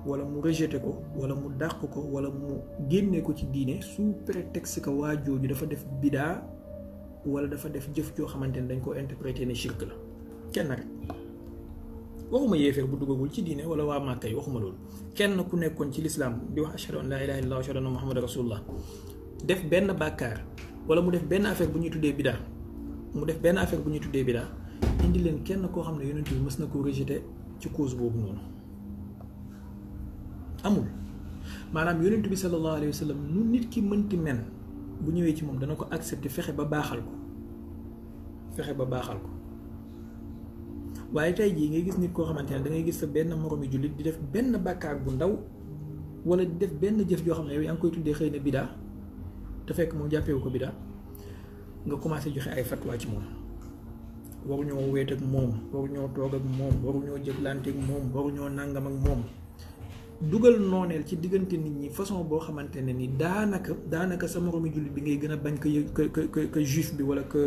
Speaker 1: wala mu rejeté ko wala mu dàq ko wala mu génne ko ci diine sous prétexte que waa jooju dafa def bidaa wala dafa def jëf joo xamante ne dañ koo interprété ne shirk la kenn rek waxuma yéeféer bu duggagul ci diine wala waa màkka yi waxuma loolu kenn ku nekkoon ci lislaam di wax ashhadu an laa ilaha illallah ashhadu anna muhammad rasulullah def benn bàkkaar wala mu def benn affaire bu ñuy tuddee bidaa mu def benn affaire bu ñu tuddee bidaa indi leen kenn koo xam ne yonent bi mës na ko rejeté ci cause boobu noonu amul maanaam yonent bi sallallahu alayhi nit ki mënti men bu ñëwee ci moom dana ko accepté fexe ba baaxal ko fexe ba baaxal ko waaye tey jii ngay gis nit koo xamante ne da gis sa benn moroomi jullit di def benn bàkkaar bu ndaw wala di def benn jëf joo xam ne yow yaa ngi koy tuddee xëy na bidaa te fekk moom jàppewu ko bidaa nga commencé joxe ay fatwa ci moom waruñoo weet ak moom waruñoo toog ak moom waruñoo jëflante ak moom waruñoo nàngam ak moom dugal nooneel ci diggante nit ñi façon boo xamante ne nii daanaka daanaka sa moroomi jullit bi ngay gën a bañ ko que que que juif bi wala que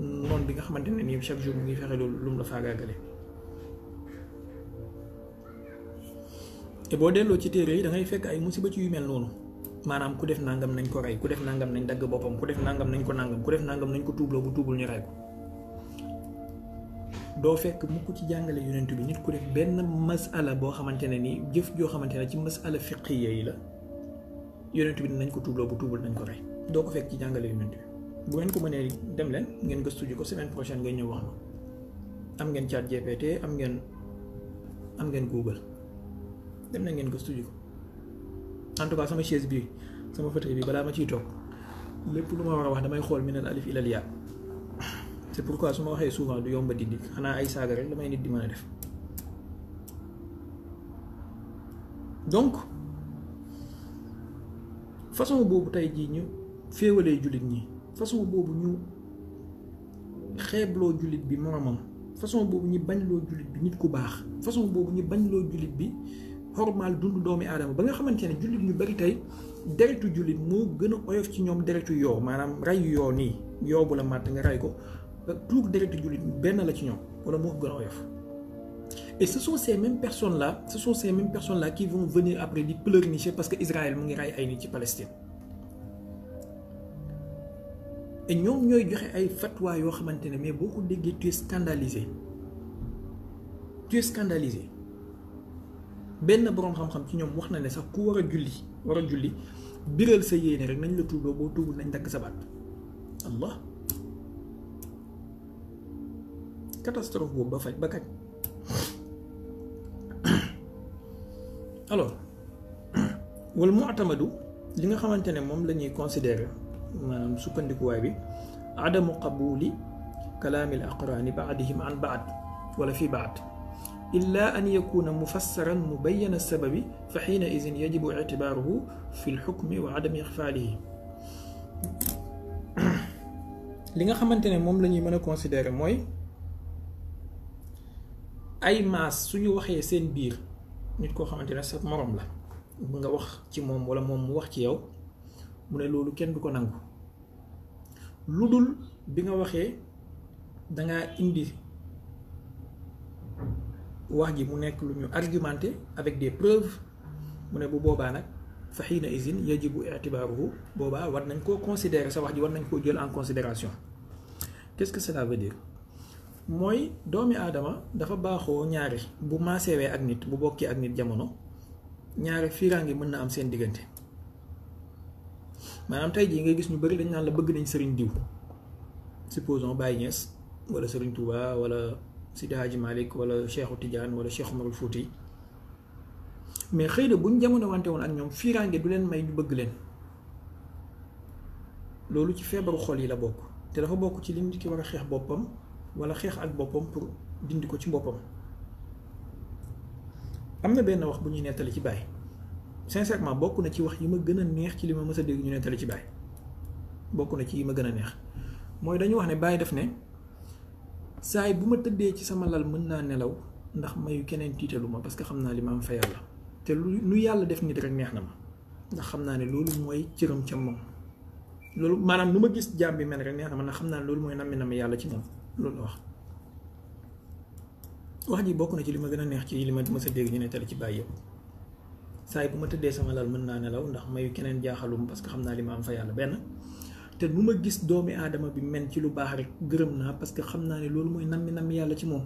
Speaker 1: noon bi nga xamante ne nii chaque jour mu ngi fexe loolu lu mu la faagaagale. te boo delloo ci téere yi da ngay fekk ay musiba ci yu mel noonu. manam ku def nangam nañ ko ray ku def nangam nañ dag bopam ku def nangam nañ ko nangam ku def nangam nañ ko tublo bu tubul ñu ray ko do fekk ko ci jangale yonent bi nit ku def ben masala bo xamantene ni jëf jo xamantene ci masala fiqiya yi la yonent bi nañ ko tublo bu tubul nañ ko ray do ko fekk ci jangale yonent bi bu ngeen ko mëne dem len ngeen gëstu ji ko semaine prochaine ngeen ñëw wax am ngeen chat GPT am ngeen am ngeen Google dem na ngeen gëstu ko en tout cas sama chaise bii sama fauteuil bi balaa ma ciy toog lépp lu ma war a wax damay xool minal alif ilal yaa c'est pourquoi su ma waxee souvent du yomba di dindi xanaa ay saaga rek damay nit di mën a def donc façon boobu tey jii ñu féewalee jullit ñi façon boobu ñu xeebloo jullit bi moromam façon boobu ñu bañ loo jullit bi nit ku baax façon boobu ñu bañ loo jullit bi xormaal dundu doomi aadama ba nga xamante ne jullit ñu bari tey deretu jullit moo gën a oyof ci ñoom deretu yoo maanaam rey yoo nii yoo bu la màtt nga rey ko tuur deretu jullit benn la ci ñoom wala moo gën a oyof et ce sont ces mêmes personnes là ce sont ces mêmes personnes là qui vont venir après di pleurnicher parce que Israël mu ngi rey ay nit ci Palestine et ñoom ñooy joxe ay fatwa yoo xamante ne mais boo ko déggee tu es scandalisé tu es scandalisé benn boroom xam-xam ci ñoom wax na ne sax ku war a julli war a julli biral sa yéene rek nañ la tuuboo boo tuubul nañ dagg sa baat allah catastrophe boobu ba faj ba kañ alors wal mu'tamadu li nga xamante ne moom lañuy ñuy considérer maanaam sukkandikuwaay bi adamu qabuli kalaamil aqraani baadihim an baad wala fii baad إلا أن يكون مفسرا مبين السبب فحينئذ يجب اعتباره في الحكم وعدم إخفاله لغا خمانتني موم لاني مانا كونسيدير موي اي ماس سونو وخي سين بير نيت كو خمانتني سات موروم لا بغا وخ تي موم ولا موم وخ تي ياو مون لولو كين دوكو نانغو لودول بيغا وخي داغا اندي wax ji mu nekk lu ñu avec des preuves mu ne bu boobaa nag fa xiina isin yajibu itibaaruhu Boba, war nañ ko considérer sa wax ji war nañ ko jël en considération qu'est-ce que cela veut dire moy domi adama dafa baxo ñaari bu maasewee ak nit bu bokki ak nit jamono ñaari firangi mën na am seen digënté manam tey jii ngay gis ñu bëri dañ naan la bëgg nañ sëriñ diiw supposons Baye Niass wala sëriñ Touba wala Sidi Hadji Malick wala Cheikhu Tidiane wala Cheikh Umarul Fouti mais xëy na bu ñu jamono wante woon ak ñoom fiiraange du leen may ñu bëgg leen loolu ci feebaru xol yi la bokk te dafa bokk ci li nit war a xeex boppam wala xeex ak boppam dindi ko ci boppam am na benn wax bu ñuy nettali ci Baye sincèrement bokk na ci wax yi ma gën a neex ci li ma mës a dégg ñu nettali ci Baye bokk na ci yi ma gën a neex mooy dañu wax ne Baye def ne saay bu ma tëddee ci sama lal mën naa nelaw ndax mayu keneen tiitalu ma parce que xam naa li ma am fa yàlla te lu lu yàlla def nit rek neex na ma ndax xam naa ne loolu mooy cëram ca moom loolu maanaam lu ma gis jaam bi mel rek neex na xam naa loolu mooy nammi na ma yàlla ci moom loolu la wax wax ji bokk na ci li ma gën a neex ci li ma mës a dégg ñu ne ci bàyyi yëpp saay bu ma tëddee sama lal mën naa nelaw ndax mayu keneen jaaxalum parce que xam naa li ma am fa yàlla benn te nu ma gis doomi aadama bi men ci lu baax rek gërëm naa parce que xam naa ne loolu mooy nammi nammi yàlla ci moom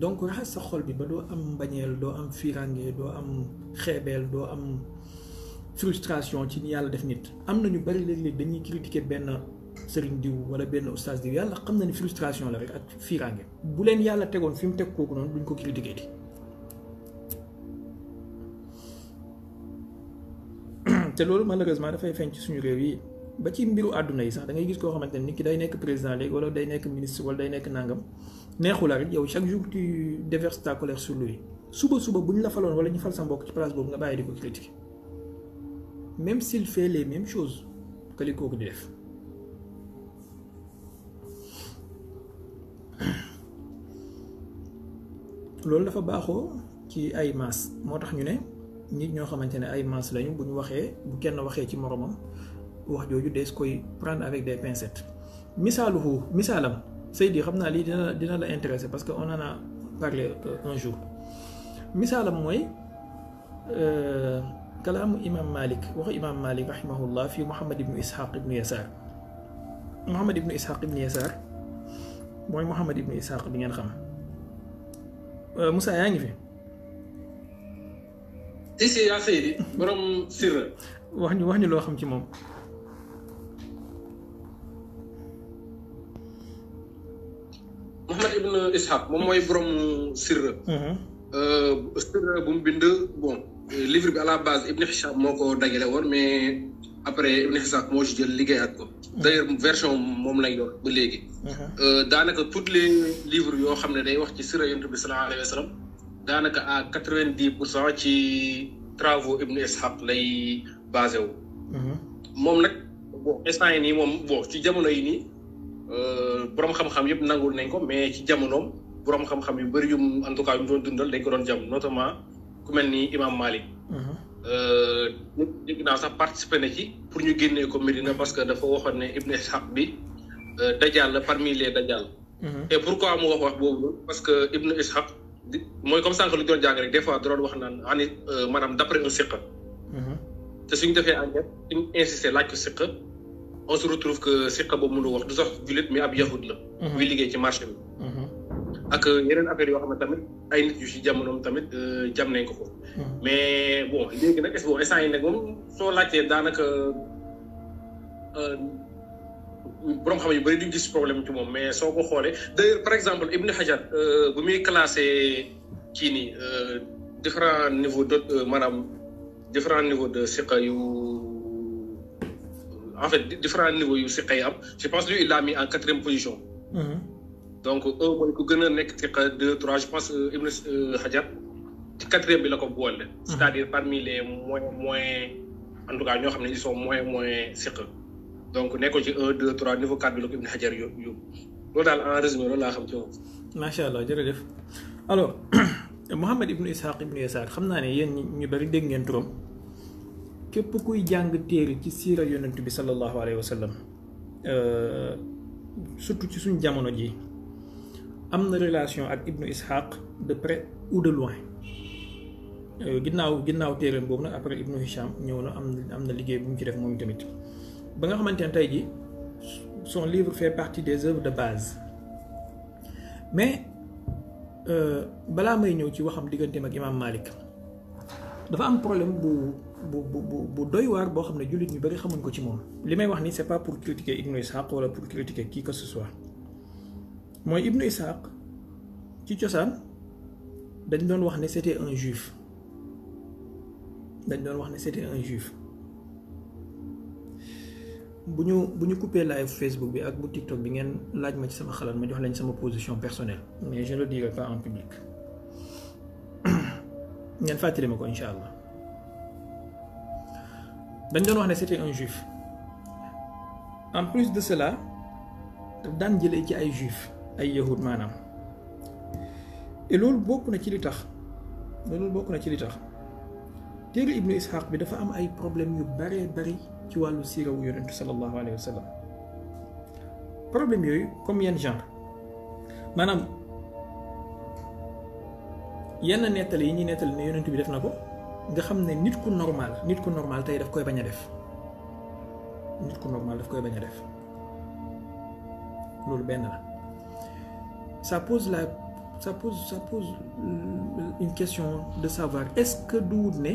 Speaker 1: donc raxas sa xol bi ba doo am mbañeel doo am firange doo am xeebeel doo am frustration ci yàlla def nit am na ñu bari léeg-léeg dañuy critiquer benn sëriñ diw wala benn ustaas diw yàlla xam na ne frustration la rek ak firange bu leen yàlla tegoon fi mu teg kooku noonu duñ ko critiquer di te loolu malheureusement dafay feeñ ci suñu réew yi ba ci mbiru àdduna yi sax da ngay gis koo xamante ne nit ki day nekk président léegi wala day nekk ministre wala day nekk nangam neexula rek yow chaque jour tu déverses ta colère sur lui suba suba bu ñu la faloon wala ñu fal sa mbokk ci place boobu nga bàyyi di ko critiquer même s'il fait les mêmes choses que li kooku di def. loolu dafa baaxoo ci ay maas moo tax ñu ne. nit ñoo xamante ne ay masse lañu bu ñu waxee bu kenn waxee ci moromam wax jooju des koy prendre avec des pincettes misaaluhu misaalam Seydi xam naa lii dina dina la intéresser parce que on en a parlé un jour misaalam mooy kalaamu imam malik waxu imam malik rahimahullah fi muhammad ibnu ishaq ibnu yasar muhammad ibnu ishaq ibnu yasar mooy muhammad ibnu ishaq bi ngeen xam Moussa yaa ngi fi
Speaker 2: Ici yaa ah, Seydi borom sirra
Speaker 1: wax ñu wax ñu loo xam ci moom.
Speaker 2: Mouhamed moom mooy borom sirra. Mhm. Euh, sirra bu mu bind bon livre bi à la base Ibn Hisham moo ko dajale woon mais après Ibn Ishaq moo ci jël liggéeyaat ko. Mhm. d'ailleurs version moom lay yor ba léegi. Mhm. Euh, daanaka toutes les livres yoo xam ne day wax ci sirra yonent bi sallallahu alayhi daanaka à quatre vingt dix pour cent ci travaux Ibn Ishaq lay basé wu. Mhm. moom nag bon instant yi nii moom bon ci jamono yi nii euh, borom xam-xam yëpp nangul nañ ko mais ci jamonoom borom xam yu bëri yu mu doon dundal dañ ko doon jam notamment ku mel ni Imam Malik. Mhm. Euh, dégg naa sax participé na ci pour ñu génnee ko Médina parce que dafa waxoon ne Ibn Ishaq bi euh, dajaal la parmi les dajaal. Mhm. et pourquoi wax wax boobu parce que Ibn Ishaq. mooy comme sànq lu doon jàng rek des a da doon wax naan ani euh, maanaam d'après un siqa mm-hmm. te suñ defee enquête suñ insisté laaj ko siqa on se retrouve que siqa boobu mënu wax du sax jullit mais ab yahud la mm-hmm. buy liggéey ci marché bi mm-hmm. ak yeneen affaire yoo xam tamit ay nit yu ci jamonoom tamit euh, jam nañ ko ko mais bon léegi nag est-ce que instant moom soo laajtee daanaka euh, borom xam yu bëri duñ gis problème ci moom mais soo ko xoolee d'ailleurs par exemple Ibn Hajar euh, bu muy classé kii nii euh, différents niveaux de euh, maanaam différents niveaux de siqa yu en fait différents niveaux yu siqa yi am je pense lui il a mis en quatrième position. Mm-hmm. donc un mooy ku gën a nekk siqa deux trois je pense Ibn Hajar ci quatrième bi la ko boole. Mm-hmm. c'est-à-dire parmi les moins moins en tout cas ñoo xam ne ils sont moins moins siqa. donc nekkoon ci un deux trois niveau quatre bi la ko Ibn Hajar yóbbu yóbbu loolu daal en résumé loolu laa xam ci moom.
Speaker 1: macha allah jërëjëf alors Mouhamed Ibn Ishaq Ibn Yasaar xam naa ne yéen ñu bari dégg ngeen turam képp kuy jàng téere ci siira yonent bi sallallahu alayhi wa sallam euh, surtout ci suñu jamono ji am na relation ak Ibn Ishaq de près ou de loin. Euh, ginnaaw ginnaaw téereem boobu nag après Ibnu Hisham ñëw na am na na liggéey bu mu ci def moom tamit. ba nga xamanteni ne tey jii son livre fait partie des œuvres de base mais euh, balaa may ñëw ci waxam digganteem ak imam Malik dafa am problème bu bu bu bu doy waar boo xam ne jullit ñu bëri xamuñ ko ci moom. li may wax ni c'est pas pour critiquer Ibnu Ishaq wala pour critiquer qui que ce soit mooy Ibnu Ishaq ci cosaan dañ doon wax ne c'était un juif dañ doon wax ne c'était un juif buñu ñu bu coupé live Facebook bi ak bu TikTok bi ngeen laaj ma ci sama xalaat ma jox leen sama position personnelle mais je le dirai pas en public ngeen fàttali ma ko incha allah dañ doon wax ne c'était un juif en plus de cela daf daan jëlee ci ay juif ay yahud maanaam et loolu bokk na ci li tax loolu bokk na ci li tax téere ibnu ishaq bi dafa am ay problème yu bare bari ci walu sirawu alayhi wa sallam problème yooyu comme genre maanaam yi ne yonent bi def nga nit normal nit normal daf koy def nit normal daf koy ça pose la ça pose ça pose une question de savoir est-ce que duwut ne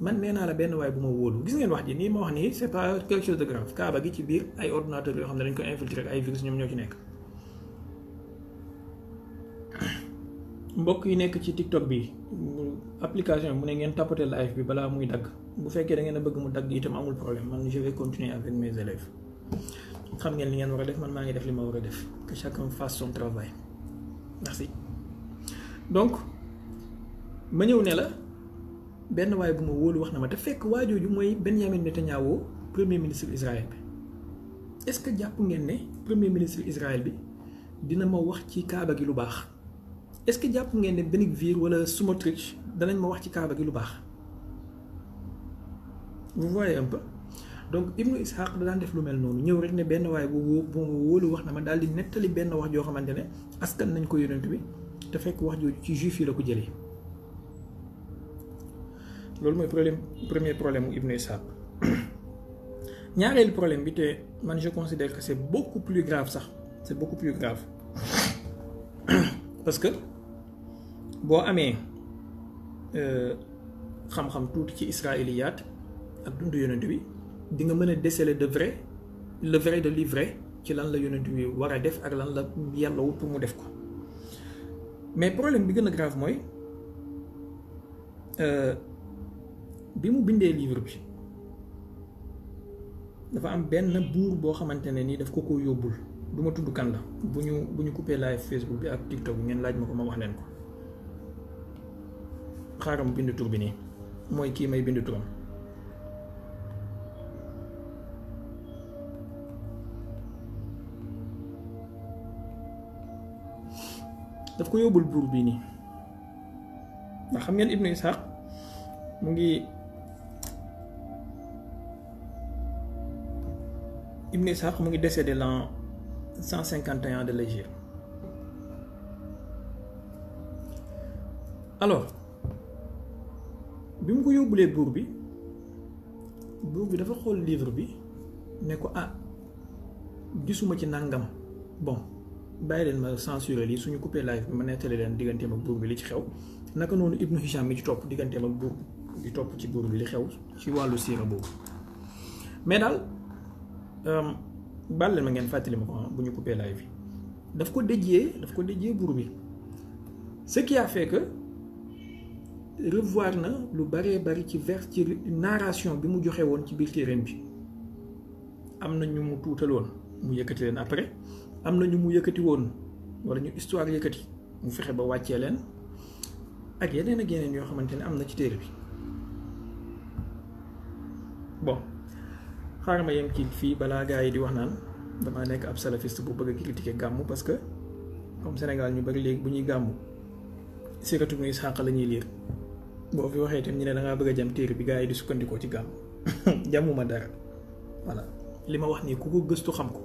Speaker 1: man nee naa la benn waay bu ma wóolu gis ngeen wax ji ni ma wax nii c'est pas quelque chose de grave kaaba gi ci biir ay ordinateur yoo xam ne dañ ko infiltrer ay virus ñoom ñoo ci nekk. mbokk yi nekk ci TikTok bi application bi mu ne ngeen tapoté live bi balaa muy dagg bu fekkee da ngeen bëgg mu dagg itam amul problème man je vais continuer avec mes élèves xam ngeen li ngeen war a def man maa ngi def li ma war a def que chacun fasse son travail merci ñëw ne la. benn waaye bu ma wóolu wax na ma te fekk waa jooju mooy Benjamin Netanyahu premier ministre Israël bi est-ce que jàpp ngeen ne premier ministre Israël bi dina ma wax ci kaaba gi lu baax est-ce que jàpp ngeen ne Benigvir wala Smotrich danañ ma wax ci kaaba gi lu baax vous voyez un peu donc Ibnu Ishaq da daan def lu mel noonu ñëw rek ne benn waaye bu bu wóolu wax na ma daal di nettali benn wax joo xamante ne askan nañ ko yonent bi te fekk wax jooju ci juif yi la ko jëlee. loolu mooy problème premier problème Ibn Ishaq ñaareelu problème bi te man je considère que c' est beaucoup plus grave sax c' est beaucoup plus grave parce que boo amee euh, xam-xam tuuti ci israéliyaat ak dundu yonent bi di nga mën a déceler de vrai le vrai de l'ivraie ci lan la yonent bi war a def ak lan la yàlla wut pour mu def ko mais problème bi gën a grave mooy. Euh, bi mu bindee livre bi dafa am benn buur boo xamante ne nii daf ko ko yóbbul du ma tudd kan la bu ñu bu ñu coupé live Facebook bi ak TikTok bi ngeen laaj ma ko ma wax leen ko xaaram bind tur bi nii mooy kii may bind turam daf ko yóbbul buur bii nii ndax xam ngeen Ibnu Ishaq mu ngi Ibn Ishaq décédé l'an 151 de l'Égypte alors bi mu ko yóbbulee buur bi buur bi dafa xool livre bi ne ko ah gisuma ci bon bàyyi leen ma censuré lii suñu coupé live bi ma nettali leen digganteem ak buur bi li ci xew naka noonu Ibn mi ak ci mais je euh, ma ngeen fàttali coupé live ce qui a fait que revoir na lu baree bari ci vers ci narration bi mu joxe woon ci biir a bi am ñu mu tuutaloon mu après am na ñu mu yëkkati woon wala ñu histoire yëkkati mu bon. xaaral ma yem kii fii balaa gars yi di wax naan dama nekk ab salafiste bu bëgg a critiquer gàmmu parce que comme Sénégal ñu bëgg léegi bu ñuy gàmmu siratu muy sànq la ñuy liir boo fi waxee tam ñu ne da ngaa bëgg a jam téere bi gars yi di sukkandikoo ci gàmmu jamuma dara voilà li ma wax nii ku ko gëstu xam ko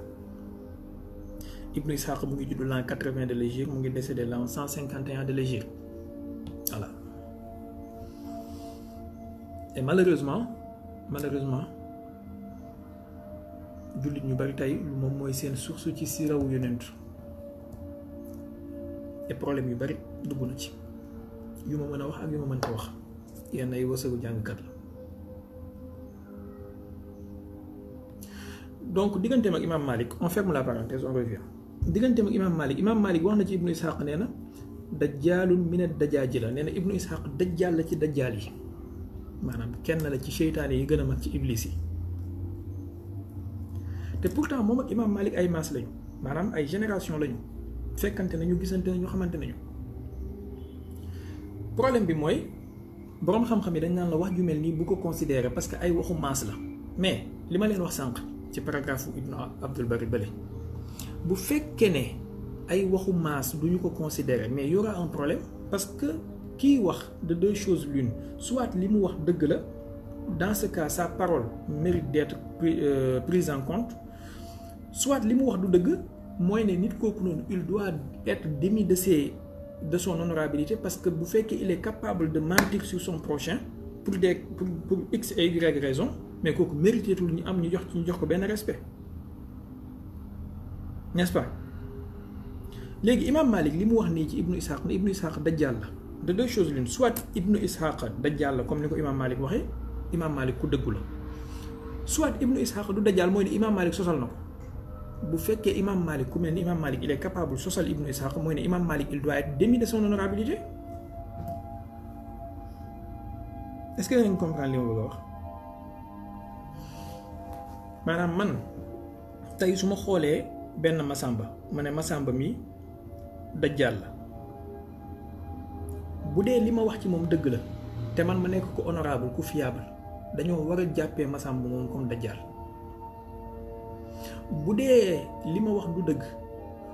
Speaker 1: Ibnu Ishaq mu ngi juddu l'an 80 de légir mu ngi décédé l'an 151 de légir voilà et malheureusement malheureusement jullit ñu bari tey moom mooy seen source ci siirawu yonent te problème yu bari dugg na ci yu ma mën a wax ak yu ma mënta wax yenn ay wasagu jàngkat la donc digganteem ak imaam Malik on ferme la parenthèse on revient digganteem ak imaam Malik imaam Malik wax na ci ibnu Ishaq nee na dajjaalun min ad-dajaaji la nee na ibnu Ishaq dajjaal la ci dajjaal yi maanaam kenn la ci seytaane yi gën a mag ci iblis yi. te pourtant moom ak imam Malik ay maas lañu maanaam ay génération lañu fekkante nañu gisante nañu xamante nañu problème bi mooy borom xam-xam yi dañ naan la wax ju mel nii bu ko considéré parce que ay waxu maas la mais li ma leen wax sànq ci paragraphe bu Ibn Abdul Bari bële bu fekkee ne ay waxu maas du ko considéré mais y aura un problème parce que kii wax de deux choses l'une soit li mu wax dëgg la dans ce cas sa parole mérite d'être euh, prise en compte soit limu wax du dëgg mooy ne nit kooku noonu il doit être démis de ses de son honorabilité parce que bu fekkee il est capable de mentir sur son prochain pour des pour pour x et y raison mais kooku méritetul ñu am ñu jox ñu jox ko benn respect n'est-ce pas léegi imam Malik li mu wax nii ci ibnu Ishaq ibnu Ishaq dajjal la de deux choses l'une soit ibnu Ishaq dajjal la comme ni ko imam Malik waxee imam Malik ku dëggu la soit ibnu Ishaq du dajjal mooy ne imam Malik sosal na ko bu imam malik imam malik il est capable sosal ibnu ishaq imam malik il doit être démis de son honorabilité est-ce que vous comprendre li ma bëgg man masamba ma ne masamba mi dajjal la li ma wax ci moom dëgg la te man ma honorable fiable dañoo masamba comme bu dee li ma wax du dëgg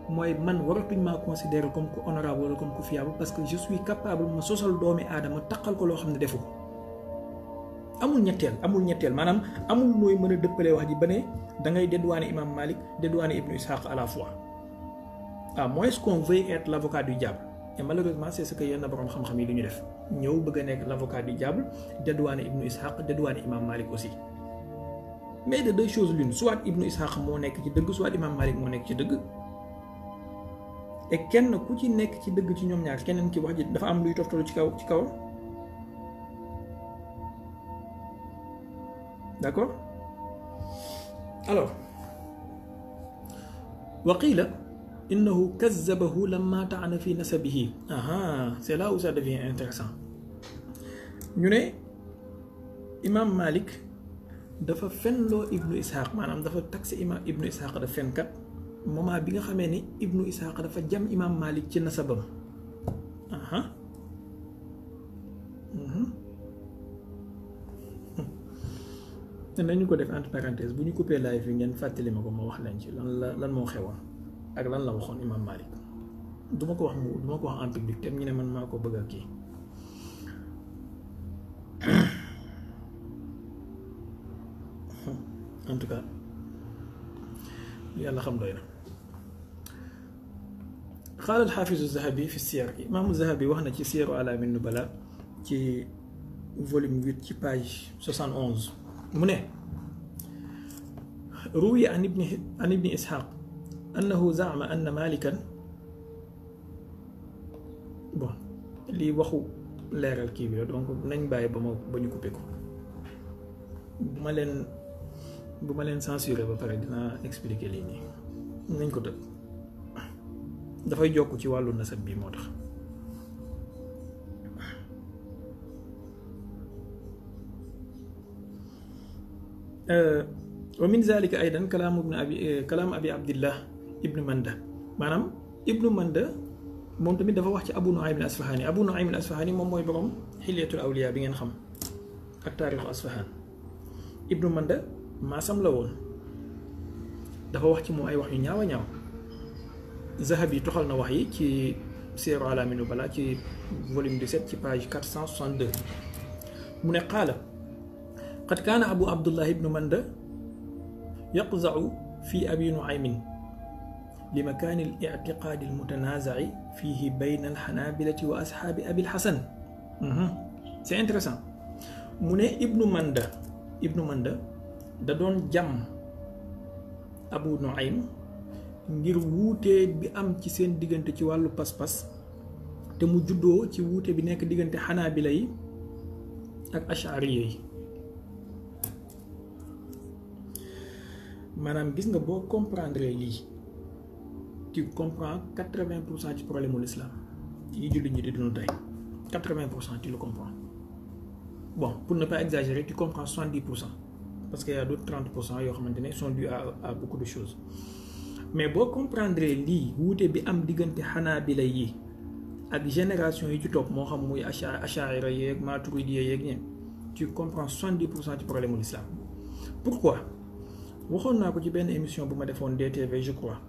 Speaker 1: mooy man waratuñ maa considérer comme ku honorable wala comme ku fiable parce que je suis capable ma sosal doomi aadama taqal ko loo xam ne defu ko amul ñetteel amul ñetteel maanaam amul nooy mën a dëppalee wax ji ba ne da ngay dédouane Imam Malik dédouane Ibnu Ishaq à la fois à moins qu'on veuille être l' avocat du diable et malheureusement c' est ce que yenn borom xam-xam yi du ñu def ñëw bëgg a nekk l' avocat du diable dédouane Ibnu Ishaq dédouane Imam Malik aussi. mais de deux choses l'une soit ibnu ishaq mo nek ci deug soit imam malik mo nek ci deug et kenn ku ci nek ci deug ci ñom ñaar kenen ki wax ji dafa am luy toftalu ci kaw ci kaw d'accord alors وقيل إنه كذبه لما طعن في نسبه أها c'est là où ça devient intéressant ñu ne imam malik dafa fenloo ibnu ishaq maanaam dafa taxe imam ibnu ishaq da fenkat moment bi nga xamee ni ibnu ishaq dafa jam imam malik ci nasabam aha mhm. nañu ko def entre bu ñu coupé live yi ngeen fàttali ma ko ma wax leen ci lan la lan moo xewoon ak lan la waxoon imam malik duma ko wax mu duma ko wax en public te ñu ne man maa ko bëgg kii en tout cas yàlla xam doy na qaala alxaafizu zahabi fi siyar imaamu zahabi wax na ci siyaru alaami nubala ci volume 8 ci page 71 mu ne روي عن ابن عن ابن اسحاق انه زعم ان مالكا بون لي واخو ليرال كي دونك نان باي بما با نيو كوبيكو بما لين bu ma leen censuré ba pare dinaa expliquer lii nii nañ ko tëj dafay jokk ci wàllu nasab bi moo tax wa min zalika aydan kalam ibn abi kalam abi abdillah ibn manda manam ibn manda mom tamit dafa wax ci abu nuaym al asfahani abu nuaym al asfahani mom moy borom hilyatul awliya bi ngeen xam ak taarixu asfahan ibnu manda maasam la woon dafa wax ci moom ay wax yu ñaaw a ñaaw zahab yi toxal na wax yi ci seeru alaami nu bala ci volume 17 ci page 462 mu ne qaala qad kaana abu abdullah ibnu manda yaqzacu fi abi nuaymin لمكان الاعتقاد المتنازع فيه بين الحنابلة وأصحاب أبي الحسن سي انتريسان من ابن مندى ابن مندى da doon jam Abu Nuaym ngir wuute bi am ci seen diggante ci wàllu pas-pas te mu juddoo ci wuute bi nekk diggante xanaabila yi ak ashariya yi maanaam gis nga boo comprendre lii tu comprends quatre-vingt pour cent ci problème wu l'islam yi jullit ñi di dund tey pour cent tu le comprends bon pour ne pas pour parce qu'il y a d'autres 30% qui sont dus à beaucoup de choses mais boo comprendrez lii wuute bi am diggante xanaabila yi ak génération yi ci top mo xam muy acha achaira Maturidi maturidiya yeeg tu comprends 70% du problème de l'islam pourquoi waxon naa ko ci benn émission bu ma defoon DTV je crois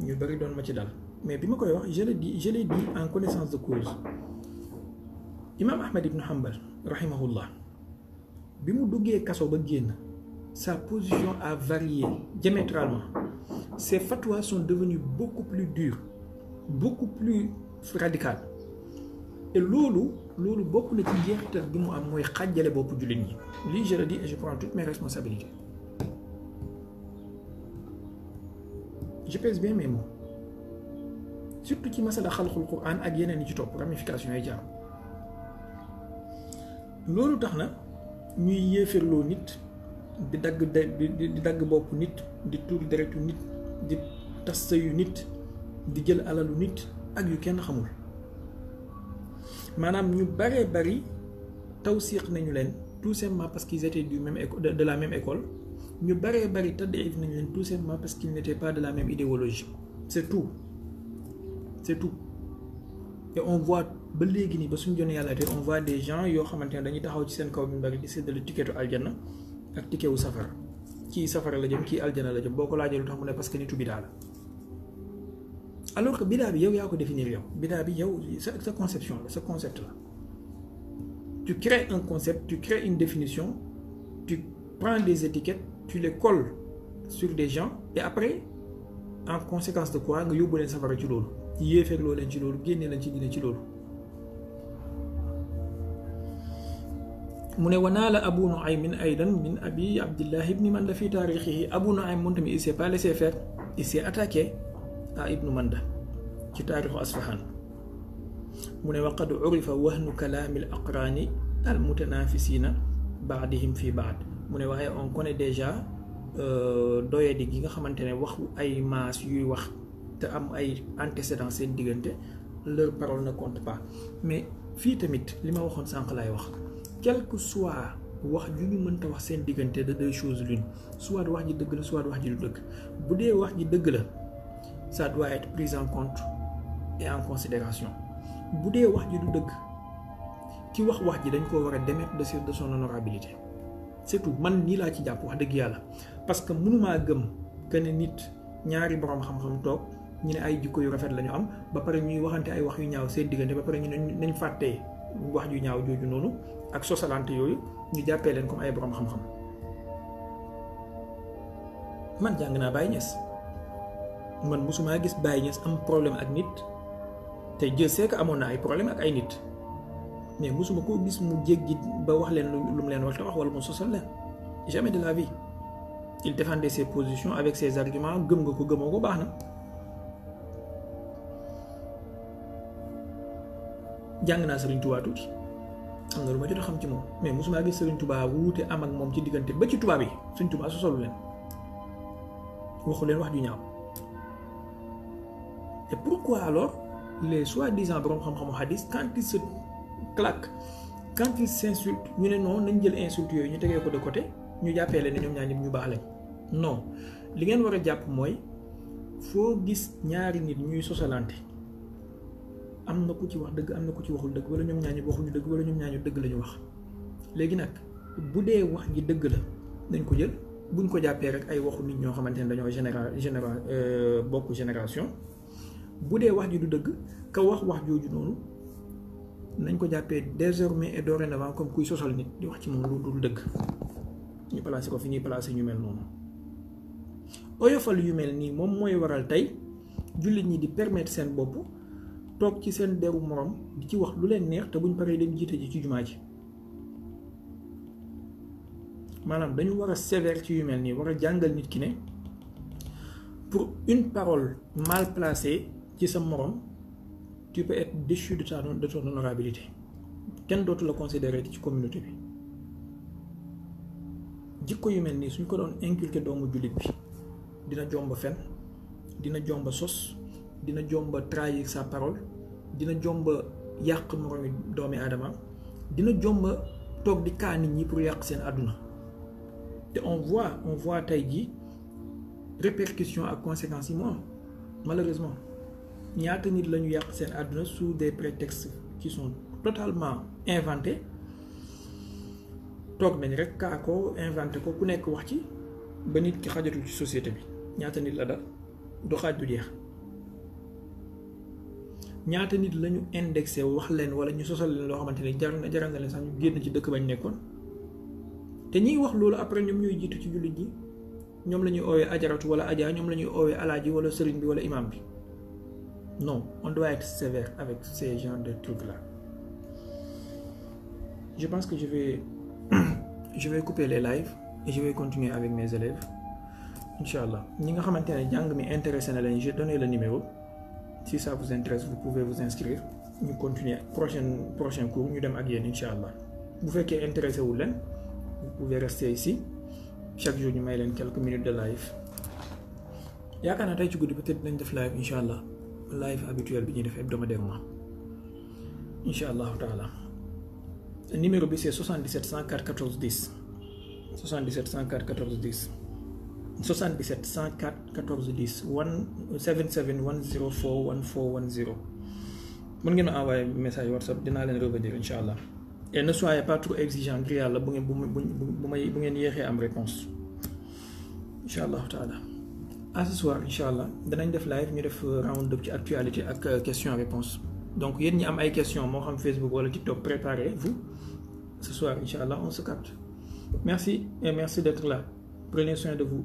Speaker 1: ñu bari doon ma ci dal mais bima koy wax je l'ai dit je l'ai dit en connaissance de cause imam Ahmed ibn Hanbal rahimahullah bi mu duggee ba génn sa position a varié diamétralement ses fatwas sont devenus beaucoup plus durs, beaucoup plus radicales et loolu loolu bokk na ci njeexital bi mu am mooy bopp julit ñi lii je le dis et je prends toutes mes responsabilités je pèse bien mes mots surtout ci masala xalqul quran ak yeneen yi ci topp ramification yi ci am loolu tax na ñuy yéefirloo nit di dagg di dagg bopp nit di tuur deretu nit di tas sëyu nit di jël alalu nit ak yu kenn xamul maanaam ñu baree bari tawsiix nañu leen tout simplement parce qu'ils étaient du même éco de la même école ñu baree bari tadif nañu leen tout simplement parce qu'ils n'étaient pas de la même idéologie c'est tout c'est tout et on voit ba léegi nii ba suñu jonne yàlla te on voit des gens yoo xamante ne dañuy taxaw ci seen kaw bi mbag di séddale tiketu aljana ak tikewu safara kii safara la jëm kii aljana la jëm boo ko laajee lu tax mu ne parce que nitu bidaa la alors que bidaa bi yow yaa ko définir yow bidaa bi yow sa sa conception la sa concept la tu crées un concept tu crées une définition tu prends des étiquettes tu les colles sur des gens et après en conséquence de quoi nga yóbbu leen safara ci loolu yéefeeg loo leen ci loolu génnee leen ci dina ci loolu من ونال أبو نعيم أيضا من أبي عبد الله بن مندى في تاريخه أبو نعيم من تمي إسي بالي سيفر إسي أتاكي ابن مندى في تاريخ أصفهان من وقد عرف وهن كلام الأقران المتنافسين بعدهم في بعد من وهي أن كون ديجا دوية دي جيغا خمانتني وخو أي ماس يوي وخ تأم أي أنتسيدان سين ديغنتي لر بارول نكونت با مي في تمت لما وخون سانقلاي وخ quel que soit wax ju ñu mënta wax seen diggante de deux choses l'une soit wax ji dëgg la soit wax ji lu dëgg bu dee wax ji dëgg la ça doit être pris en compte et en considération bu dee wax ji du dëgg ki wax wax ji dañ ko war a démettre de de son honorabilité c'est tout man nii laa ci jàpp wax dëgg yàlla parce que mënumaa gëm que ne nit ñaari borom xam-xam toog ñu ne ay jikko yu rafet lañu am ba pare ñuy waxante ay wax yu ñaaw seen diggante ba pare ñu nañ fàttee wax ju ñaaw jooju noonu ak sosalante yooyu ñu jàppee leen comme ay borom xam-xam man jàng naa Baye Niass man mosumaa gis Baye Niass am problème ak nit te je sais amoon na ay problème ak ay nit mais mosuma koo gis mu jéggi ba wax leen lu mu leen war wax wala mu sosal leen jamais de la vie il défendait ses positions avec ses arguments gëm nga ko gëmoo ko baax na. jàng naa Serigne Touba tuuti am na lu jot a xam ci moom mais mosuma gis Serigne Touba wuute am ak moom ci diggante ba ci Touba bi Serigne Touba su solu leen waxu leen wax ju ñaaw et pourquoi alors les soi-disant borom xam-xamu hadis quand ils se claquent quand ils s'insultent ñu ne noonu nañ jël insulte yooyu ñu tegee ko de côté ñu jàppee leen ne ñoom ñaar ñëpp ñu baax lañ non li ngeen war a jàpp mooy foo gis ñaari nit ñuy sosalante. am na ku ci wax dëgg am na ku ci waxul dëgg wala ñoom ñaañu waxuñu dëgg wala ñoom ñaañu dëgg la ñu wax léegi nag bu dee wax ji dëgg la dañ ko jël buñ ko jàppee rek ay waxu nit ñoo xamante ne dañoo général général euh, bokk génération bu dee wax ji du dëgg ka wax wax jooju noonu nañ ko jàppee désormais et dorénavant comme kuy sosal nit di wax ci moom lu dul dëgg ñu placé ko fi ñuy placé ñu mel noonu oyofal yu mel nii moom mooy waral tey jullit ñi di permettre seen bopp. toog ci seen deru morom di ci wax lu leen neex te buñ paree dem jiite ji ci jumaa ji maanaam dañu war a sévère ci yu mel nii war a jàngal nit ki ne pour une parole mal placée ci sa morom tu peux être déchu de ta de ton honorabilité kenn dootu la considérer ci communauté bi jikko yu mel nii suñ ko doon inculqué doomu jullit bi dina jomba fen dina jomba sos dina jomba trahir sa parole dina jomba yàq moroomi doomi aadama dina jomba tok di kaa nit ñi pour yàq seen àdduna te on voit on voit tey jii répercussions ak conséquences yi malheureusement ñaata nit la yàq seen àdduna sous des prétextes qui sont totalement inventés Tok nañ rek kaa ko inventé ko ku nekk wax ci ba nit ki xajatul ci société bi ñaata nit la dal du xaaj du ñaata nit lañu indexé wax leen wala ñu sosal leen loo xamante ne jaral na jaral leen sax ñu génn ci dëkk bañ nekkoon te ñiy wax loolu après ñoom ñooy jiitu ci jullit ji ñoom la ñuy oowee ajaratu wala ajaa ñoom la ñuy oowee alaaji wala sëriñ bi wala imam bi non on doit être sévère avec ces genre de trucs là je pense que je vais je vais couper les lives et je vais continuer avec mes élèves incha allah ñi nga xamante ne jàng mi intéressé na leen j'ai donné le numéro. si ça vous intéresse vous pouvez vous inscrire ñu continuer prochain prochain cours ñu dem ak yéen incha allah bu fekkee intéressé wu leen vous pouvez rester ici chaque jour ñu may leen quelques minutes de live yaakaar naa tey ci guddi peut-être dinañ def live incha allah live habituel bi ñuy def hebdomadairement incha allahu taala numéro bi c'est 77 104 14 10 77 104 14 10. 77 104 14 10 77 104 14 10 vous message whatsapp dinaa leen revenir et ne soyez pas trop exigeant bu ngeen bu réponse Inch'Allah. à ce soir Inch'Allah, live euh, round up ci actualité ak euh, question réponse donc si ñi am ay questions xam Facebook TikTok préparez vous ce soir on se capte merci et merci d'être là prenez soin de vous